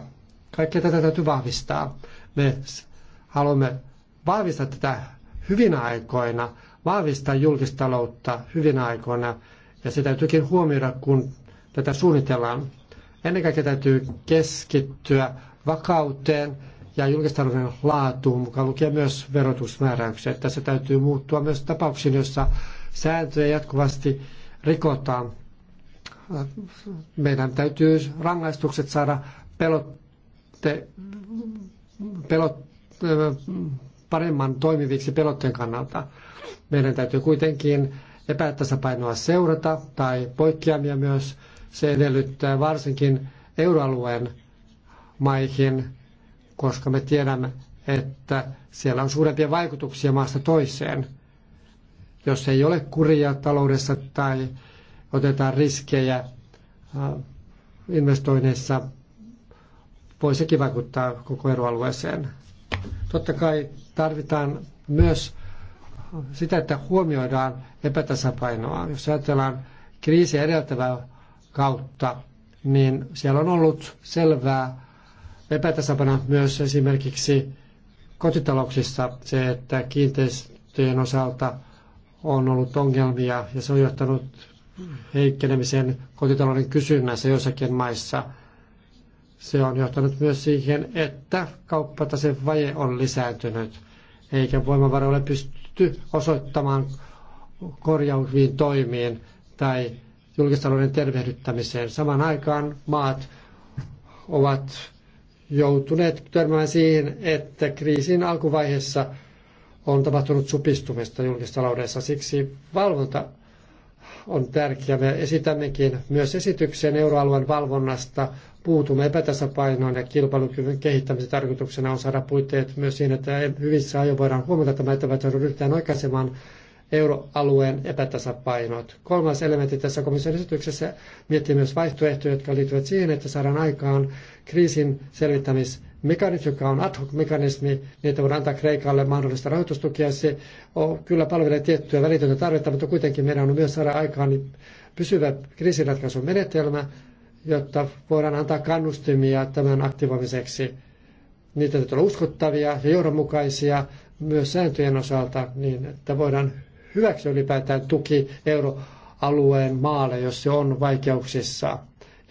Kaikkea tätä täytyy vahvistaa. Me haluamme vahvistaa tätä hyvin aikoina, vahvistaa julkistaloutta hyvin aikoina, ja se täytyykin huomioida, kun tätä suunnitellaan. Ennen kaikkea täytyy keskittyä vakauteen, ja julkistalouden laatuun, mukaan lukien myös verotusmääräykset. Tässä täytyy muuttua myös tapauksiin, joissa sääntöjä jatkuvasti rikotaan. Meidän täytyy rangaistukset saada pelotte, pelot, paremman toimiviksi pelotteen kannalta. Meidän täytyy kuitenkin epätasapainoa seurata tai poikkeamia myös. Se edellyttää varsinkin euroalueen maihin koska me tiedämme, että siellä on suurempia vaikutuksia maasta toiseen. Jos ei ole kuria taloudessa tai otetaan riskejä äh, investoinneissa, voi sekin vaikuttaa koko euroalueeseen. Totta kai tarvitaan myös sitä, että huomioidaan epätasapainoa. Jos ajatellaan kriisiä edeltävää kautta, niin siellä on ollut selvää epätasapana myös esimerkiksi kotitalouksissa se, että kiinteistöjen osalta on ollut ongelmia ja se on johtanut heikkenemiseen kotitalouden kysynnässä joissakin maissa. Se on johtanut myös siihen, että vaje on lisääntynyt, eikä voimavara ole pystytty osoittamaan korjauviin toimiin tai julkistalouden tervehdyttämiseen. Saman aikaan maat ovat joutuneet törmään siihen, että kriisin alkuvaiheessa on tapahtunut supistumista taloudessa. Siksi valvonta on tärkeä. Me esitämmekin myös esityksen euroalueen valvonnasta. Puutumme epätasapainoon ja kilpailukyvyn kehittämisen tarkoituksena on saada puitteet myös siinä, että hyvissä ajoin voidaan huomata tämä, että ryhdytään oikaisemaan euroalueen epätasapainot. Kolmas elementti tässä komission esityksessä miettii myös vaihtoehtoja, jotka liittyvät siihen, että saadaan aikaan kriisin mekanismi, joka on ad hoc mekanismi, niin että voidaan antaa Kreikalle mahdollista rahoitustukia. Se on, kyllä palvelee tiettyä välitöntä tarvetta, mutta kuitenkin meidän on myös saada aikaan niin pysyvä kriisiratkaisun menetelmä, jotta voidaan antaa kannustimia tämän aktivoimiseksi. Niitä täytyy olla uskottavia ja johdonmukaisia myös sääntöjen osalta niin, että voidaan hyväksyä ylipäätään tuki euroalueen maalle, jos se on vaikeuksissa,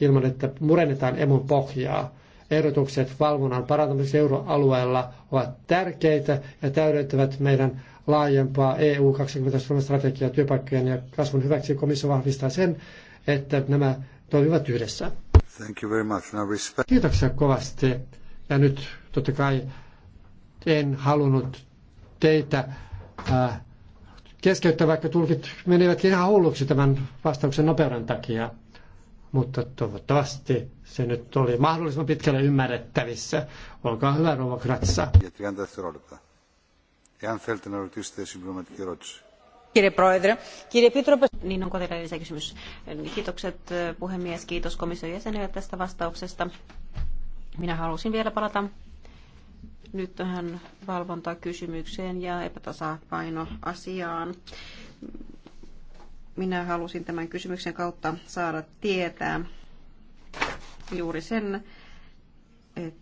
ilman että murennetaan emun pohjaa. Ehdotukset valvonnan parantamiseksi euroalueella ovat tärkeitä ja täydentävät meidän laajempaa EU 2020 strategiaa työpaikkojen ja kasvun hyväksi. Komissio vahvistaa sen, että nämä toimivat yhdessä. Thank you very much. Now respect. Kiitoksia kovasti. Ja nyt totta kai en halunnut teitä äh, keskeyttää, vaikka tulkit menevät ihan hulluksi tämän vastauksen nopeuden takia. Mutta toivottavasti se nyt oli mahdollisimman pitkälle ymmärrettävissä. Olkaa hyvä, Rova Kratsa. Κύριε Proedre, κύριε Επίτροπε. Niin onko teillä lisäkysymys? Kiitokset puhemies, kiitos komission jäsenille tästä vastauksesta. Minä halusin vielä palata nyt tähän valvontakysymykseen ja epätasapainoasiaan. Minä halusin tämän kysymyksen kautta saada tietää juuri sen, että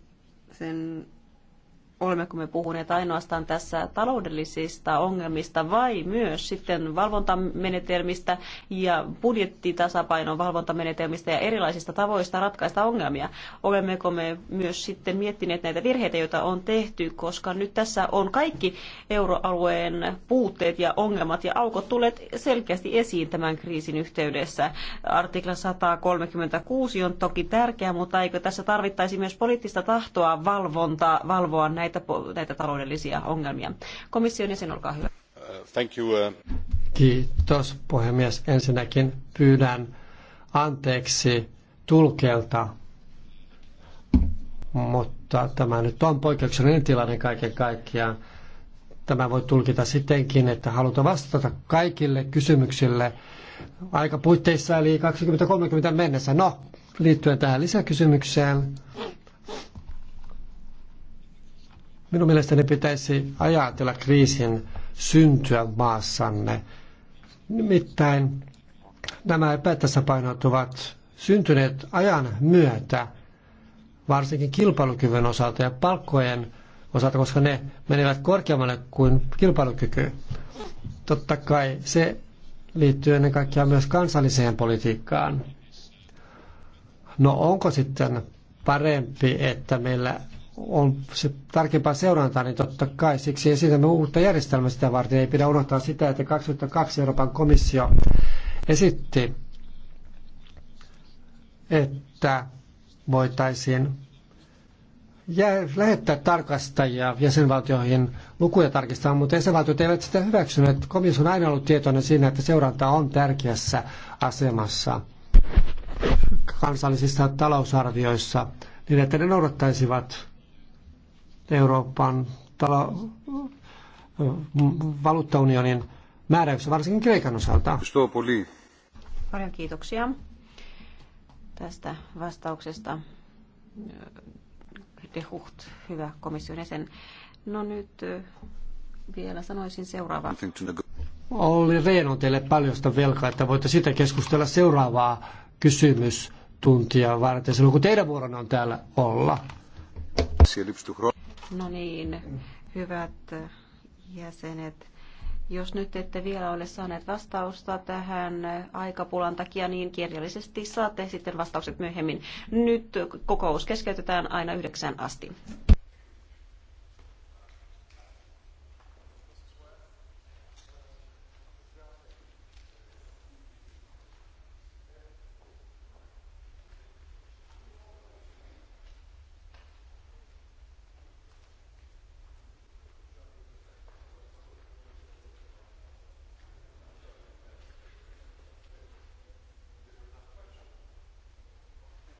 sen olemmeko me puhuneet ainoastaan tässä taloudellisista ongelmista vai myös sitten valvontamenetelmistä ja budjettitasapainon valvontamenetelmistä ja erilaisista tavoista ratkaista ongelmia? Olemmeko me myös sitten miettineet näitä virheitä, joita on tehty, koska nyt tässä on kaikki euroalueen puutteet ja ongelmat ja aukot tulleet selkeästi esiin tämän kriisin yhteydessä. Artikla 136 on toki tärkeä, mutta eikö tässä tarvittaisi myös poliittista tahtoa valvontaa, valvoa näitä näitä, näitä taloudellisia ongelmia. Komission jäsen, olkaa hyvä. Uh, thank you. Uh. Kiitos puhemies. Ensinnäkin pyydän anteeksi tulkelta, mutta tämä nyt on poikkeuksellinen tilanne kaiken kaikkiaan. Tämä voi tulkita sittenkin, että halutaan vastata kaikille kysymyksille aika puitteissa eli 2030 mennessä. No, liittyen tähän lisäkysymykseen, Minun mielestäni pitäisi ajatella kriisin syntyä maassanne. Nimittäin nämä epätasapainot ovat syntyneet ajan myötä, varsinkin kilpailukyvyn osalta ja palkkojen osalta, koska ne menevät korkeammalle kuin kilpailukyky. Totta kai se liittyy ennen kaikkea myös kansalliseen politiikkaan. No onko sitten parempi, että meillä on se tarkempaa seurantaa, niin totta kai siksi esitämme uutta järjestelmää sitä varten. Ei pidä unohtaa sitä, että 2002 Euroopan komissio esitti, että voitaisiin lähettää tarkastajia jäsenvaltioihin lukuja tarkistamaan, mutta jäsenvaltiot eivät sitä hyväksyneet. Komissio on aina ollut tietoinen siinä, että seuranta on tärkeässä asemassa kansallisissa talousarvioissa, niin että ne noudattaisivat Euroopan talo- valuuttaunionin määräyksessä, varsinkin Kreikan osalta. Paljon kiitoksia tästä vastauksesta. De Hucht, hyvä komission jäsen. No nyt vielä sanoisin seuraava. Olli Rehn on teille paljosta velkaa, että voitte sitä keskustella seuraavaa kysymystuntia varten silloin, kun teidän vuoronne on täällä olla. No niin, hyvät jäsenet. Jos nyt ette vielä ole saaneet vastausta tähän aikapulan takia, niin kirjallisesti saatte sitten vastaukset myöhemmin. Nyt kokous keskeytetään aina yhdeksän asti.